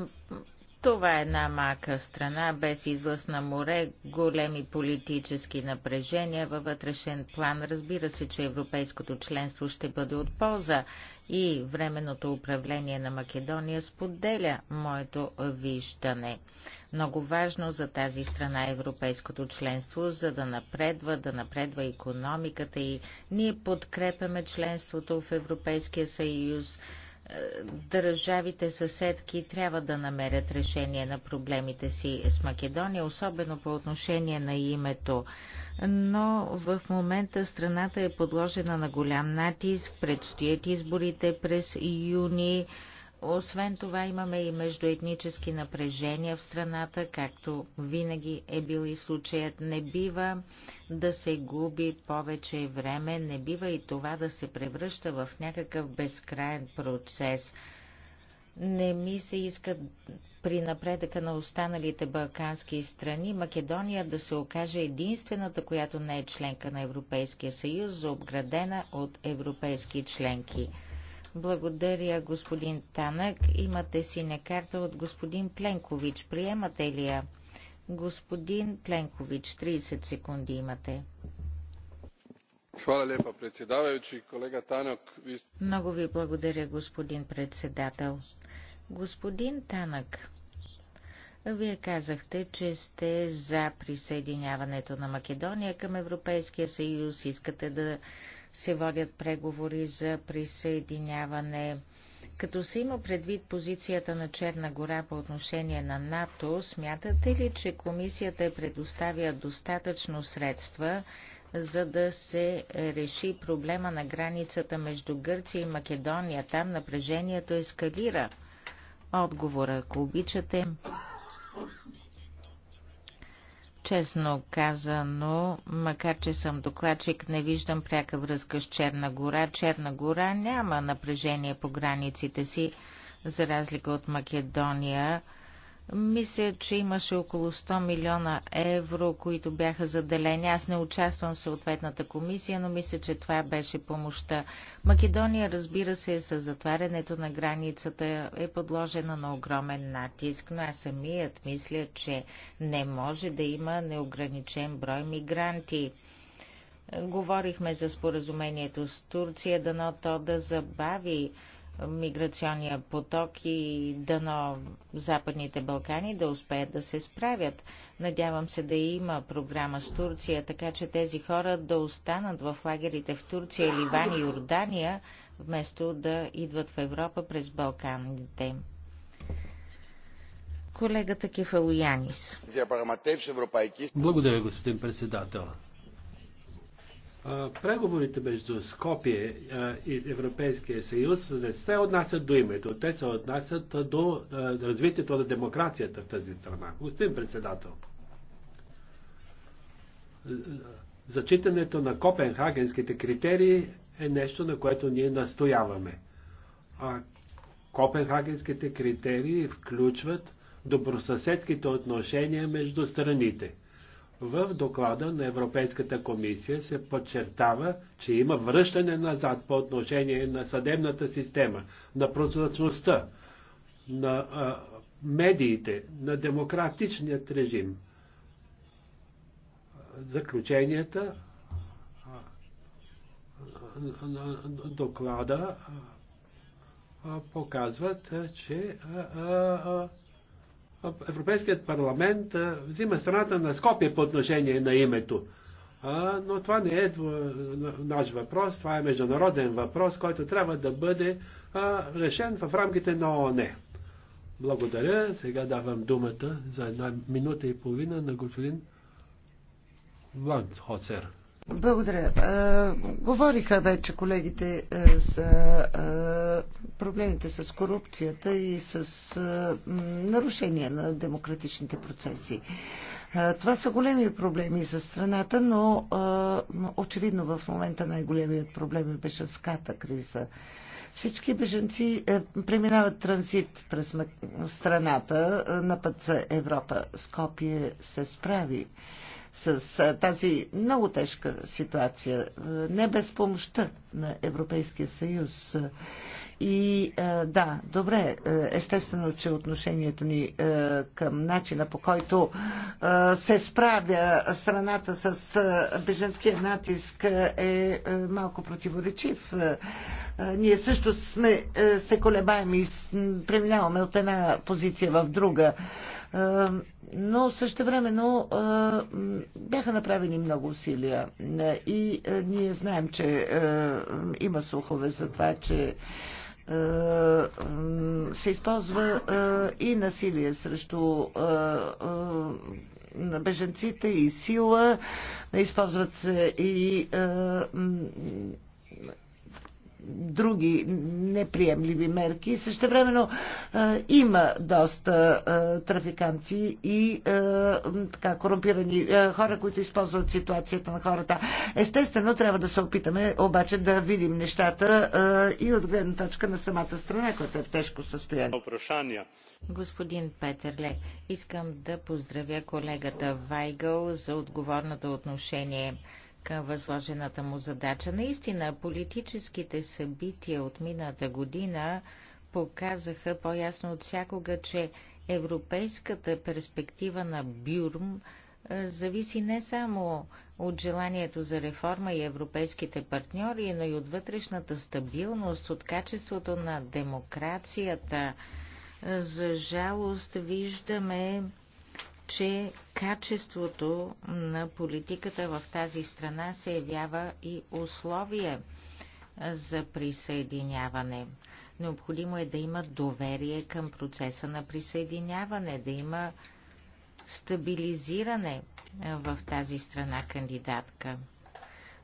Това е една мака страна без излъз на море, големи политически напрежения във вътрешен план. Разбира се, че европейското членство ще бъде от полза и временното управление на Македония споделя моето виждане. Много важно за тази страна е европейското членство, за да напредва, да напредва економиката и ние подкрепяме членството в Европейския съюз Държавите съседки трябва да намерят решение на проблемите си с Македония, особено по отношение на името. Но в момента страната е подложена на голям натиск, предстоят изборите през юни освен това имаме и междуетнически напрежения в страната, както винаги е бил и случаят. Не бива да се губи повече време, не бива и това да се превръща в някакъв безкрайен процес. Не ми се иска при напредъка на останалите балкански страни Македония да се окаже единствената, която не е членка на Европейския съюз, заобградена от европейски членки. Благодаря, господин Танък. Имате синя карта от господин Пленкович. Приемате ли я? Господин Пленкович, 30 секунди имате. Лепа, колега Танок, ви... Много ви благодаря, господин председател. Господин Танък, вие казахте, че сте за присъединяването на Македония към Европейския съюз, искате да се водят преговори за присъединяване. Като се има предвид позицията на Черна гора по отношение на НАТО, смятате ли, че комисията е предоставя достатъчно средства, за да се реши проблема на границата между Гърция и Македония? Там напрежението ескалира. Отговора, ако обичате. Честно казано, макар че съм докладчик, не виждам пряка връзка с Черна гора. Черна гора няма напрежение по границите си, за разлика от Македония. Мисля, че имаше около 100 милиона евро, които бяха заделени. Аз не участвам в съответната комисия, но мисля, че това беше помощта. Македония, разбира се, с затварянето на границата е подложена на огромен натиск, но аз самият мисля, че не може да има неограничен брой мигранти. Говорихме за споразумението с Турция, дано то да забави миграционния поток и дано Западните Балкани да успеят да се справят. Надявам се да има програма с Турция, така че тези хора да останат в лагерите в Турция, Ливан и Йордания, вместо да идват в Европа през Балканите. Колегата Кефалоянис. Благодаря, господин председател преговорите между Скопие и Европейския съюз не се отнасят до името, те се отнасят до развитието на демокрацията в тази страна. Господин председател, зачитането на копенхагенските критерии е нещо, на което ние настояваме. А копенхагенските критерии включват добросъседските отношения между страните – в доклада на Европейската комисия се подчертава, че има връщане назад по отношение на съдебната система, на прозрачността, на а, медиите, на демократичният режим. Заключенията на доклада показват, че а, а, Европейският парламент взима страната на Скопие по отношение на името. Но това не е наш въпрос, това е международен въпрос, който трябва да бъде решен в рамките на ООН. Благодаря. Сега давам думата за една минута и половина на господин Ланд Хоцер. Благодаря. говориха вече колегите за проблемите с корупцията и с нарушения на демократичните процеси. това са големи проблеми за страната, но очевидно в момента най-големият проблем е бежанската криза. Всички беженци е, преминават транзит през страната на път за Европа. Скопие се справи с тази много тежка ситуация, не без помощта на Европейския съюз. И да, добре, естествено, че отношението ни към начина по който се справя страната с беженския натиск е малко противоречив. Ние също сме, се колебаем и преминаваме от една позиция в друга. Е, но същевременно е, бяха направени много усилия е, и ние знаем, че има слухове за това, че се използва и насилие срещу на беженците и сила, използват се и други неприемливи мерки. Същевременно а, има доста а, трафиканти и а, така, корумпирани а, хора, които използват ситуацията на хората. Естествено, трябва да се опитаме обаче да видим нещата а, и от гледна точка на самата страна, която е в тежко състояние. Господин Петърле, искам да поздравя колегата Вайгъл за отговорното отношение към възложената му задача. Наистина, политическите събития от мината година показаха по-ясно от всякога, че европейската перспектива на Бюрм зависи не само от желанието за реформа и европейските партньори, но и от вътрешната стабилност, от качеството на демокрацията. За жалост виждаме че качеството на политиката в тази страна се явява и условие за присъединяване. Необходимо е да има доверие към процеса на присъединяване, да има стабилизиране в тази страна кандидатка.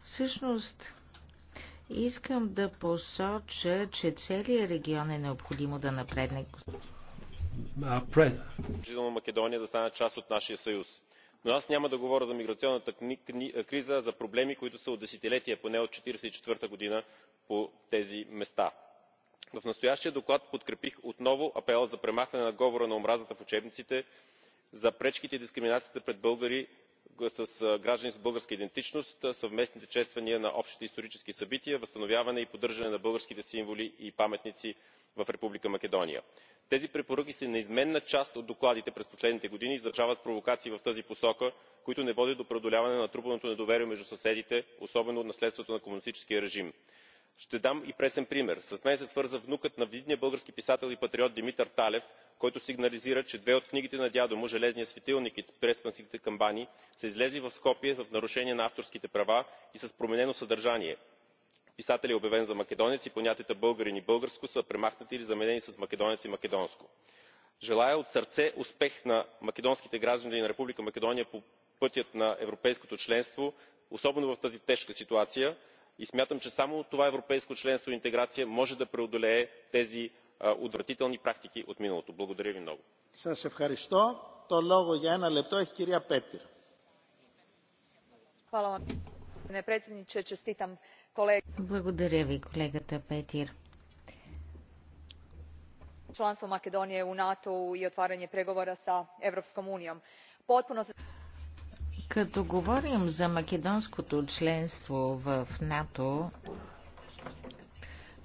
Всъщност, искам да посоча, че целият регион е необходимо да напредне включително македония да станат част от нашия съюз. но аз няма да говоря за миграционната криза а за проблеми които са от десетилетия поне от четвърта година по тези места. в настоящия доклад подкрепих отново апела за премахване на говора на омразата в учебниците за пречките и дискриминацията пред българи е, с е, граждани с българска идентичност е, съвместните чествания на общите исторически събития възстановяване и поддържане на българските символи и паметници в република македония. тези препоръки са неизменна част от докладите през последните години и изразяват провокации в тази посока които не водят до преодоляване на натрупаното недоверие между съседите особено от наследството на комунистическия режим ще дам и пресен пример. с мен се свърза внукът на видния български писател и патриот димитър талев който сигнализира че две от книгите на дядо му железният светилник и Преспанските камбани са излезли в скопие в нарушение на авторските права и с променено съдържание. писателят е обявен за македонец и понятията българин и българско са премахнати или заменени с македонец и македонско. желая от сърце успех на македонските граждани на република македония по пътя на европейското членство особено в тази тежка ситуация и смятам че само това европейско членство и интеграция може да преодолее тези отвратителни практики от миналото. благодаря ви много. Благодаря ви, колегата петир. Članstvo Makedonije u NATO-u i otvaranje pregovora sa Europskom unijom. Potpuno като говорим за македонското членство в НАТО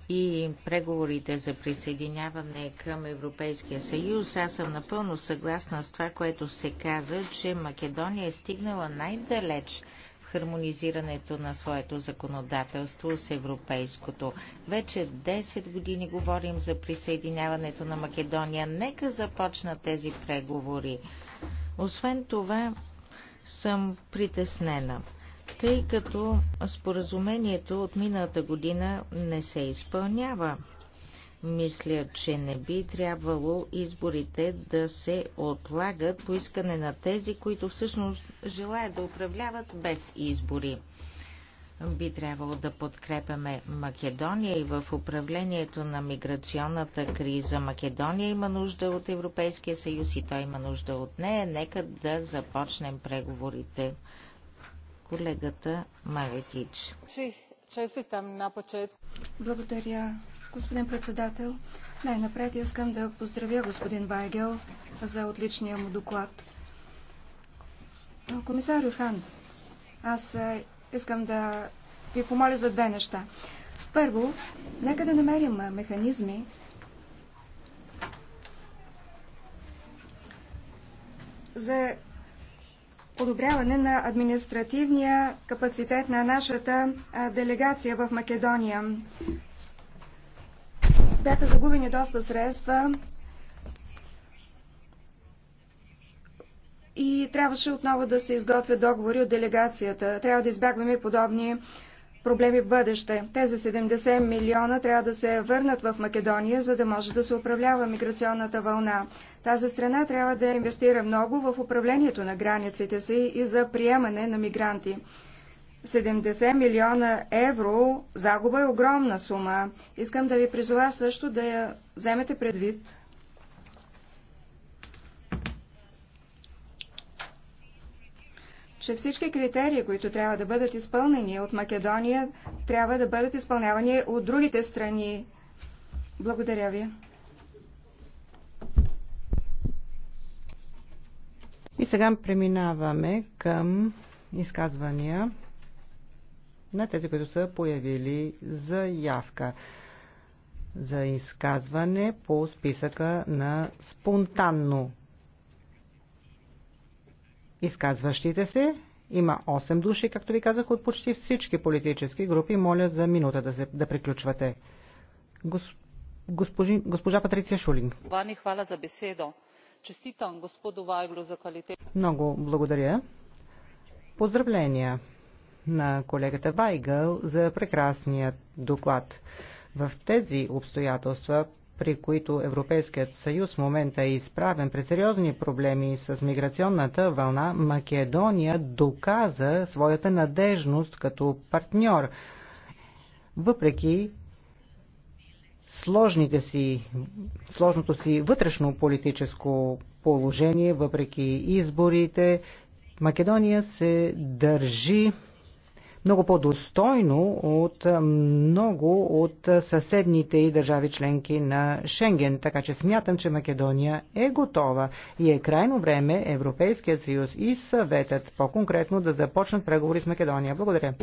и преговорите за присъединяване към Европейския съюз, аз съм напълно съгласна с това, което се каза, че Македония е стигнала най-далеч в хармонизирането на своето законодателство с европейското. Вече 10 години говорим за присъединяването на Македония. Нека започна тези преговори. Освен това, съм притеснена, тъй като споразумението от миналата година не се изпълнява. Мисля, че не би трябвало изборите да се отлагат по искане на тези, които всъщност желаят да управляват без избори би трябвало да подкрепяме Македония и в управлението на миграционната криза. Македония има нужда от Европейския съюз и той има нужда от нея. Нека да започнем преговорите. Колегата Маветич. Честитам на почетку. Благодаря, господин председател. Най-напред искам да поздравя господин Вайгел за отличния му доклад. Комисар Юхан, аз искам да ви помоля за две неща. Първо, нека да намерим механизми, за подобряване на административния капацитет на нашата делегация в Македония. Бяха загубени доста средства и трябваше отново да се изготвят договори от делегацията. Трябва да избягваме подобни проблеми в бъдеще. Тези 70 милиона трябва да се върнат в Македония, за да може да се управлява миграционната вълна. Тази страна трябва да инвестира много в управлението на границите си и за приемане на мигранти. 70 милиона евро загуба е огромна сума. Искам да ви призова също да я вземете предвид че всички критерии, които трябва да бъдат изпълнени от Македония, трябва да бъдат изпълнявани от другите страни. Благодаря ви. И сега преминаваме към изказвания на тези, които са появили заявка за изказване по списъка на спонтанно изказващите се. Има 8 души, както ви казах, от почти всички политически групи. Моля за минута да, се, да приключвате. Гос, госпожи, госпожа Патриция Шулинг. Вани, хвала за беседо. Честитам господу Вайглу за квалитет. Много благодаря. Поздравления на колегата Вайгъл за прекрасният доклад. В тези обстоятелства при които Европейският съюз в момента е изправен пред сериозни проблеми с миграционната вълна, Македония доказа своята надежност като партньор. Въпреки сложните си, сложното си вътрешно политическо положение, въпреки изборите, Македония се държи много по-достойно от много от съседните и държави членки на Шенген. Така че смятам, че Македония е готова и е крайно време Европейският съюз и съветът по-конкретно да започнат преговори с Македония. Благодаря.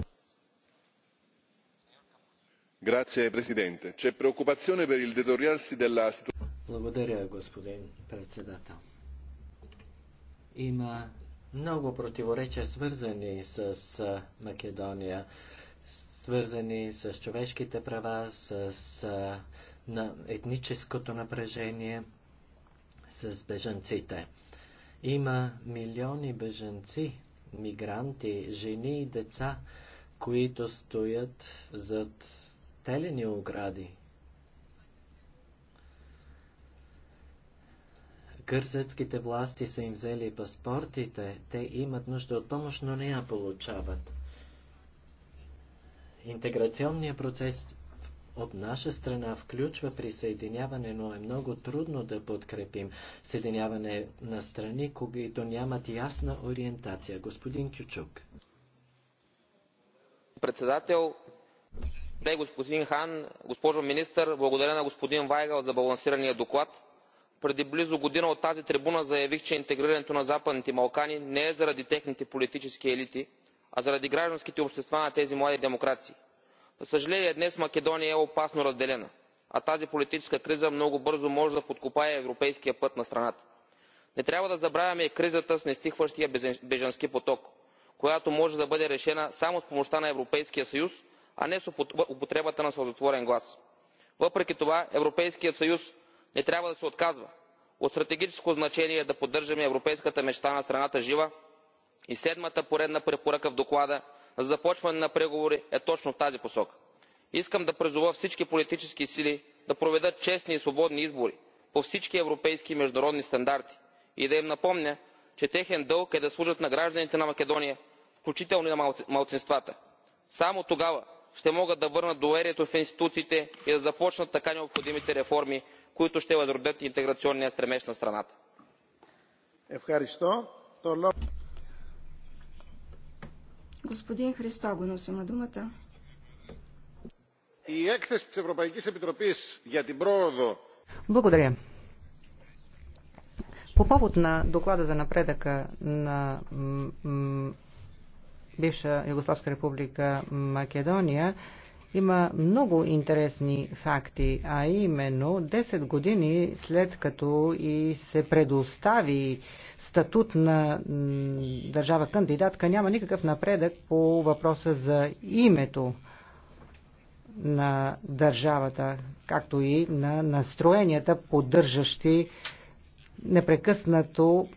Grazie Presidente. C'è preoccupazione per il deteriorarsi della situazione. Благодаря, господин председател. Има много противоречия, свързани с Македония, свързани с човешките права, с на етническото напрежение, с бежанците. Има милиони бежанци, мигранти, жени и деца, които стоят зад телени огради, Кързъцките власти са им взели паспортите, те имат нужда от помощ, но не я получават. Интеграционният процес от наша страна включва присъединяване, но е много трудно да подкрепим съединяване на страни, които нямат ясна ориентация. Господин Кючук. Председател, господин Хан, госпожо министър, благодаря на господин Вайгал за балансирания доклад преди близо година от тази трибуна заявих че интегрирането на западните балкани не е заради техните политически елити а заради гражданските общества на тези млади демокрации. за съжаление днес македония е опасно разделена а тази политическа криза много бързо може да подкопае европейския път на страната. не трябва да забравяме и кризата с нестихващия бежански поток която може да бъде решена само с помощта на европейския съюз а не с употребата на сълзотворен глас. въпреки това европейският съюз не трябва да се отказва. от стратегическо значение е да поддържаме европейската мечта на страната жива и седмата поредна препоръка в доклада за започване на преговори е точно в тази посока. искам да призова всички политически сили да проведат честни и свободни избори по всички европейски и международни стандарти и да им напомня че техен дълг е да служат на гражданите на македония включително и на малцинствата. само тогава ще могат да върнат доверието в институциите и да започнат така необходимите реформи които ще възродят интеграционния стремеж на страната. Господин Χριστогонос има думата. Благодаря. По повод на доклада за напредъка на бивша Югославска република Македония, има много интересни факти, а именно 10 години след като и се предостави статут на държава кандидатка, няма никакъв напредък по въпроса за името на държавата, както и на настроенията, поддържащи непрекъснато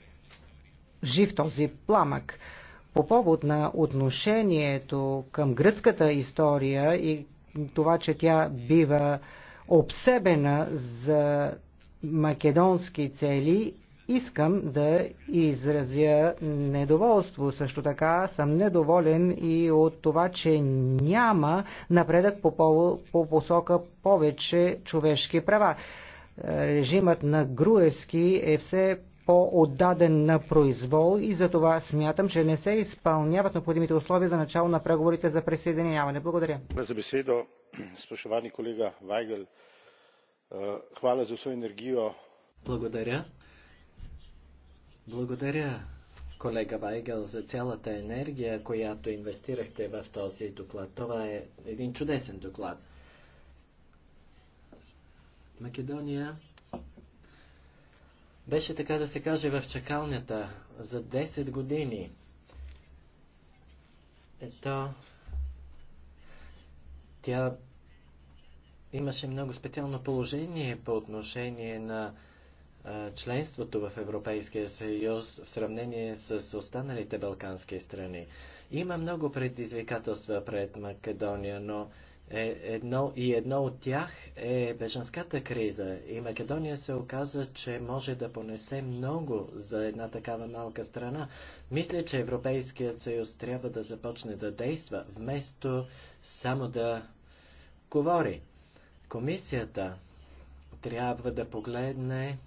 жив този пламък по повод на отношението към гръцката история и това, че тя бива обсебена за македонски цели, искам да изразя недоволство. Също така съм недоволен и от това, че няма напредък по, по, по посока повече човешки права. Режимът на Груевски е все по-отдаден на произвол и за това смятам, че не се изпълняват необходимите условия за начало на преговорите за присъединяване. Благодаря. За беседо, спошовани колега Вайгел, хвала за своя енергия. Благодаря. Благодаря, колега Вайгел, за цялата енергия, която инвестирахте в този доклад. Това е един чудесен доклад. Македония беше така да се каже в чакалнята за 10 години. Ето, тя имаше много специално положение по отношение на а, членството в Европейския съюз в сравнение с останалите балкански страни. Има много предизвикателства пред Македония, но е, едно, и едно от тях е беженската криза. И Македония се оказа, че може да понесе много за една такава малка страна. Мисля, че Европейският съюз трябва да започне да действа, вместо само да говори. Комисията трябва да погледне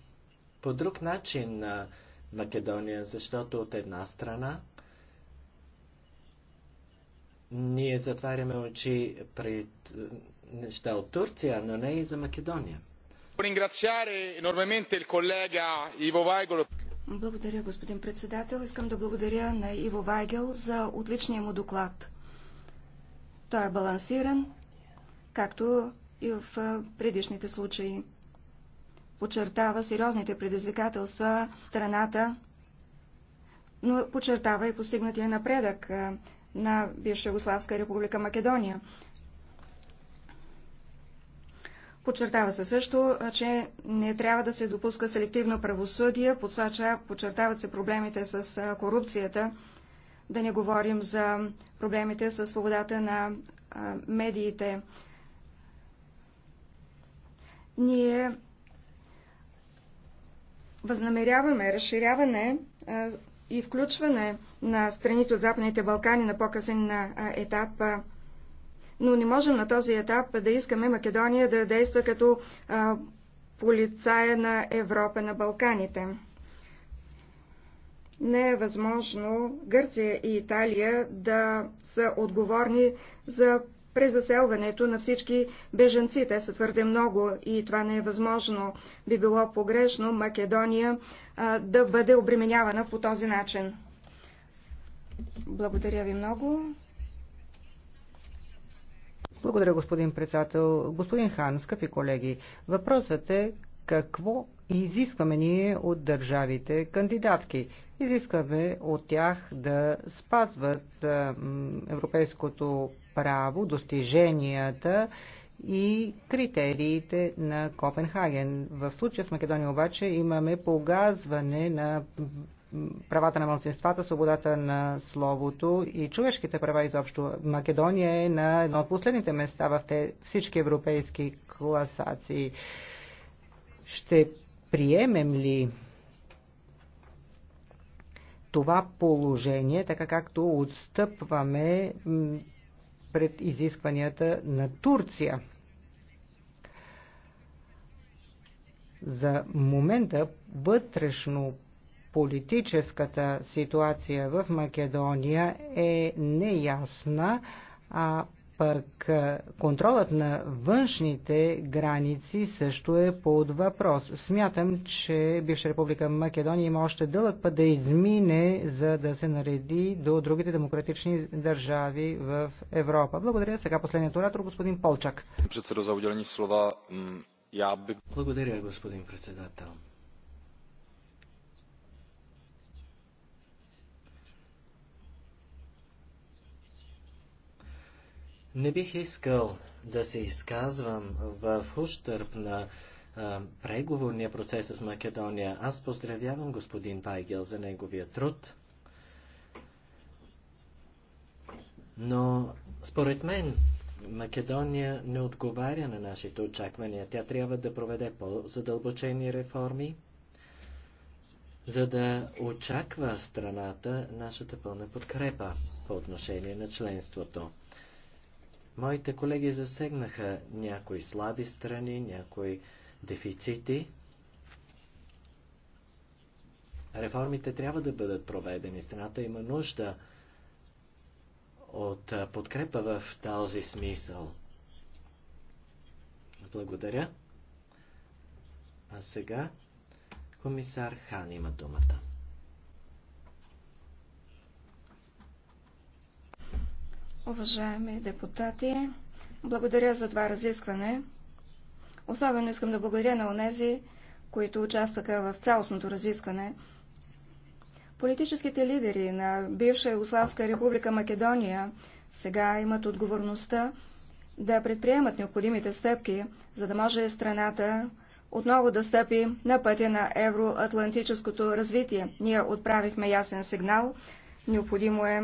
по друг начин на Македония, защото от една страна ние затваряме очи пред неща от Турция, но не и за Македония. Благодаря, господин председател. Искам да благодаря на Иво Вайгел за отличния му доклад. Той е балансиран, както и в предишните случаи. Почертава сериозните предизвикателства страната, но подчертава и постигнатия напредък на бивша Югославска република Македония. Подчертава се също, че не трябва да се допуска селективно правосъдие, подсача, подчертават се проблемите с корупцията, да не говорим за проблемите с свободата на медиите. Ние възнамеряваме разширяване и включване на страните от Западните Балкани на по-късен етап. Но не можем на този етап да искаме Македония да действа като полицая на Европа на Балканите. Не е възможно Гърция и Италия да са отговорни за презаселването на всички беженци. Те са твърде много и това не е възможно. Би било погрешно Македония а, да бъде обременявана по този начин. Благодаря ви много. Благодаря, господин председател. Господин Хан, скъпи колеги, въпросът е какво изискваме ние от държавите кандидатки. Изискваме от тях да спазват европейското право, достиженията и критериите на Копенхаген. В случая с Македония обаче имаме погазване на правата на младсинствата, свободата на словото и човешките права изобщо. Македония е на едно от последните места в те, всички европейски класации. Ще приемем ли това положение, така както отстъпваме пред изискванията на Турция. За момента вътрешно политическата ситуация в Македония е неясна, а пък контролът на външните граници също е под въпрос. Смятам, че бивша република Македония има още дълъг път да измине, за да се нареди до другите демократични държави в Европа. Благодаря. Сега последният оратор, господин Полчак. Председател за отделени слова. Я би... Благодаря, господин председател. Не бих искал да се изказвам в ущърп на а, преговорния процес с Македония. Аз поздравявам господин Байгел за неговия труд. Но според мен Македония не отговаря на нашите очаквания. Тя трябва да проведе по-задълбочени реформи, за да очаква страната нашата пълна подкрепа по отношение на членството. Моите колеги засегнаха някои слаби страни, някои дефицити. Реформите трябва да бъдат проведени. Страната има нужда от подкрепа в този смисъл. Благодаря. А сега комисар Хан има думата. Уважаеми депутати, благодаря за това разискване. Особено искам да благодаря на онези, които участваха в цялостното разискване. Политическите лидери на бивша Югославска република Македония сега имат отговорността да предприемат необходимите стъпки, за да може страната отново да стъпи на пътя на евроатлантическото развитие. Ние отправихме ясен сигнал. Необходимо е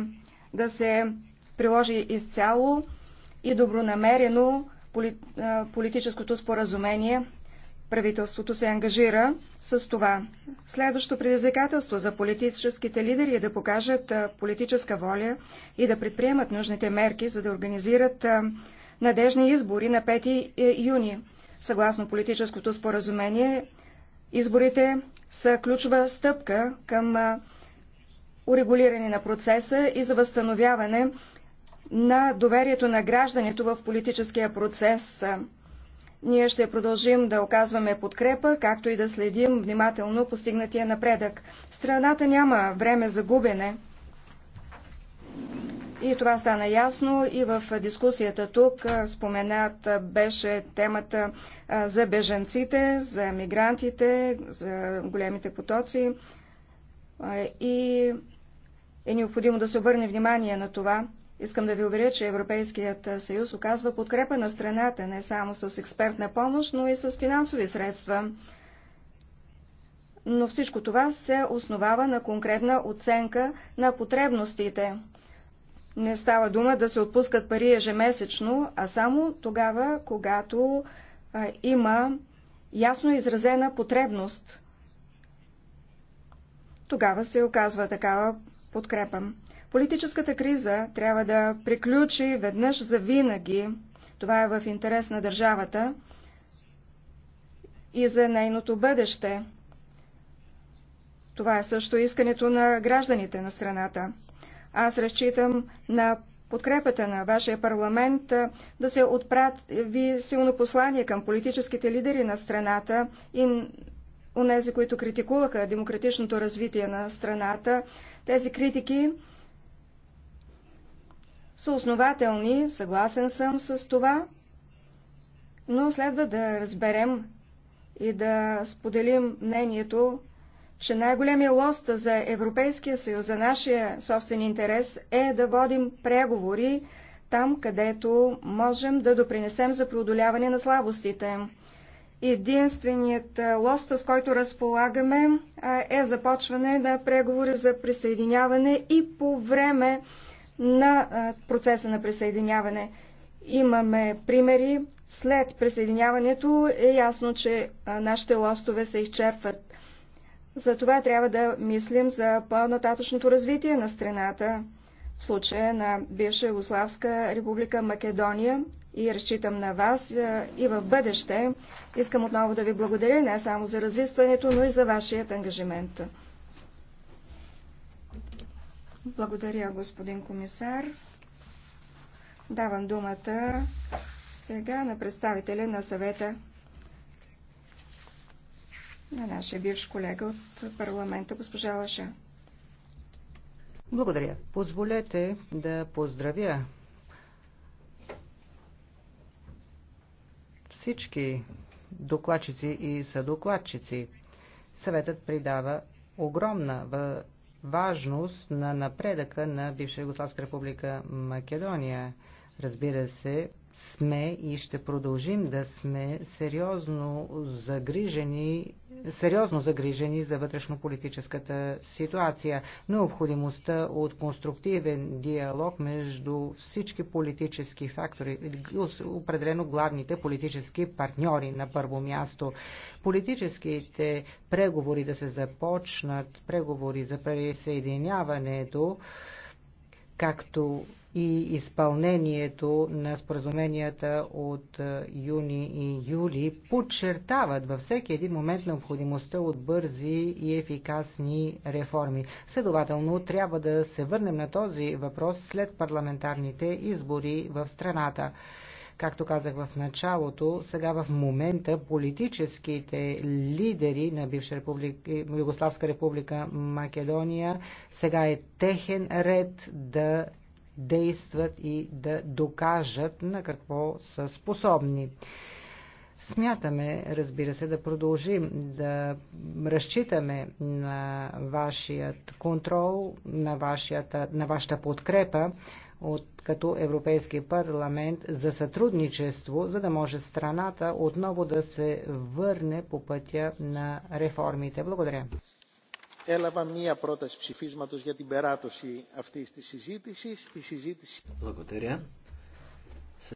да се приложи изцяло и добронамерено политическото споразумение. Правителството се ангажира с това. Следващо предизвикателство за политическите лидери е да покажат политическа воля и да предприемат нужните мерки, за да организират надежни избори на 5 е, юни. Съгласно политическото споразумение, изборите са ключова стъпка към урегулиране на процеса и за възстановяване на доверието на гражданите в политическия процес. Ние ще продължим да оказваме подкрепа, както и да следим внимателно постигнатия напредък. Страната няма време за губене. И това стана ясно и в дискусията тук. Споменат беше темата за беженците, за мигрантите, за големите потоци. И е необходимо да се обърне внимание на това. Искам да ви уверя, че Европейският съюз оказва подкрепа на страната не само с експертна помощ, но и с финансови средства. Но всичко това се основава на конкретна оценка на потребностите. Не става дума да се отпускат пари ежемесечно, а само тогава, когато а, има ясно изразена потребност. Тогава се оказва такава подкрепа. Политическата криза трябва да приключи веднъж за винаги. Това е в интерес на държавата и за нейното бъдеще. Това е също искането на гражданите на страната. Аз разчитам на подкрепата на вашия парламент да се отправи силно послание към политическите лидери на страната и нези, които критикуваха демократичното развитие на страната. Тези критики са основателни, съгласен съм с това, но следва да разберем и да споделим мнението, че най-големия лост за Европейския съюз, за нашия собствен интерес е да водим преговори там, където можем да допринесем за преодоляване на слабостите. Единственият лост, с който разполагаме, е започване на преговори за присъединяване и по време на процеса на присъединяване. Имаме примери. След присъединяването е ясно, че нашите лостове се изчерпват. Затова трябва да мислим за по-нататъчното развитие на страната в случая на бивша Югославска република Македония и разчитам на вас и в бъдеще. Искам отново да ви благодаря не само за разискването, но и за вашият ангажимент. Благодаря, господин комисар. Давам думата сега на представителя на съвета на нашия бивш колега от парламента, госпожа Лаша. Благодаря. Позволете да поздравя всички докладчици и съдокладчици. Съветът придава огромна важност на напредъка на бивша Югославска република Македония. Разбира се, сме и ще продължим да сме сериозно загрижени, сериозно загрижени за вътрешнополитическата ситуация. Необходимостта от конструктивен диалог между всички политически фактори, определено главните политически партньори на първо място. Политическите преговори да се започнат, преговори за присъединяването, както и изпълнението на споразуменията от е, юни и юли подчертават във всеки един момент необходимостта от бързи и ефикасни реформи. Следователно, трябва да се върнем на този въпрос след парламентарните избори в страната. Както казах в началото, сега в момента политическите лидери на бивша република, Югославска република Македония, сега е техен ред да действат и да докажат на какво са способни. Смятаме, разбира се, да продължим да разчитаме на вашият контрол, на, вашията, на вашата подкрепа от, като Европейски парламент за сътрудничество, за да може страната отново да се върне по пътя на реформите. Благодаря. Έλαβα μία πρόταση ψηφίσματος για την περάτωση αυτής της συζήτησης. Η συζήτηση... Благодаря.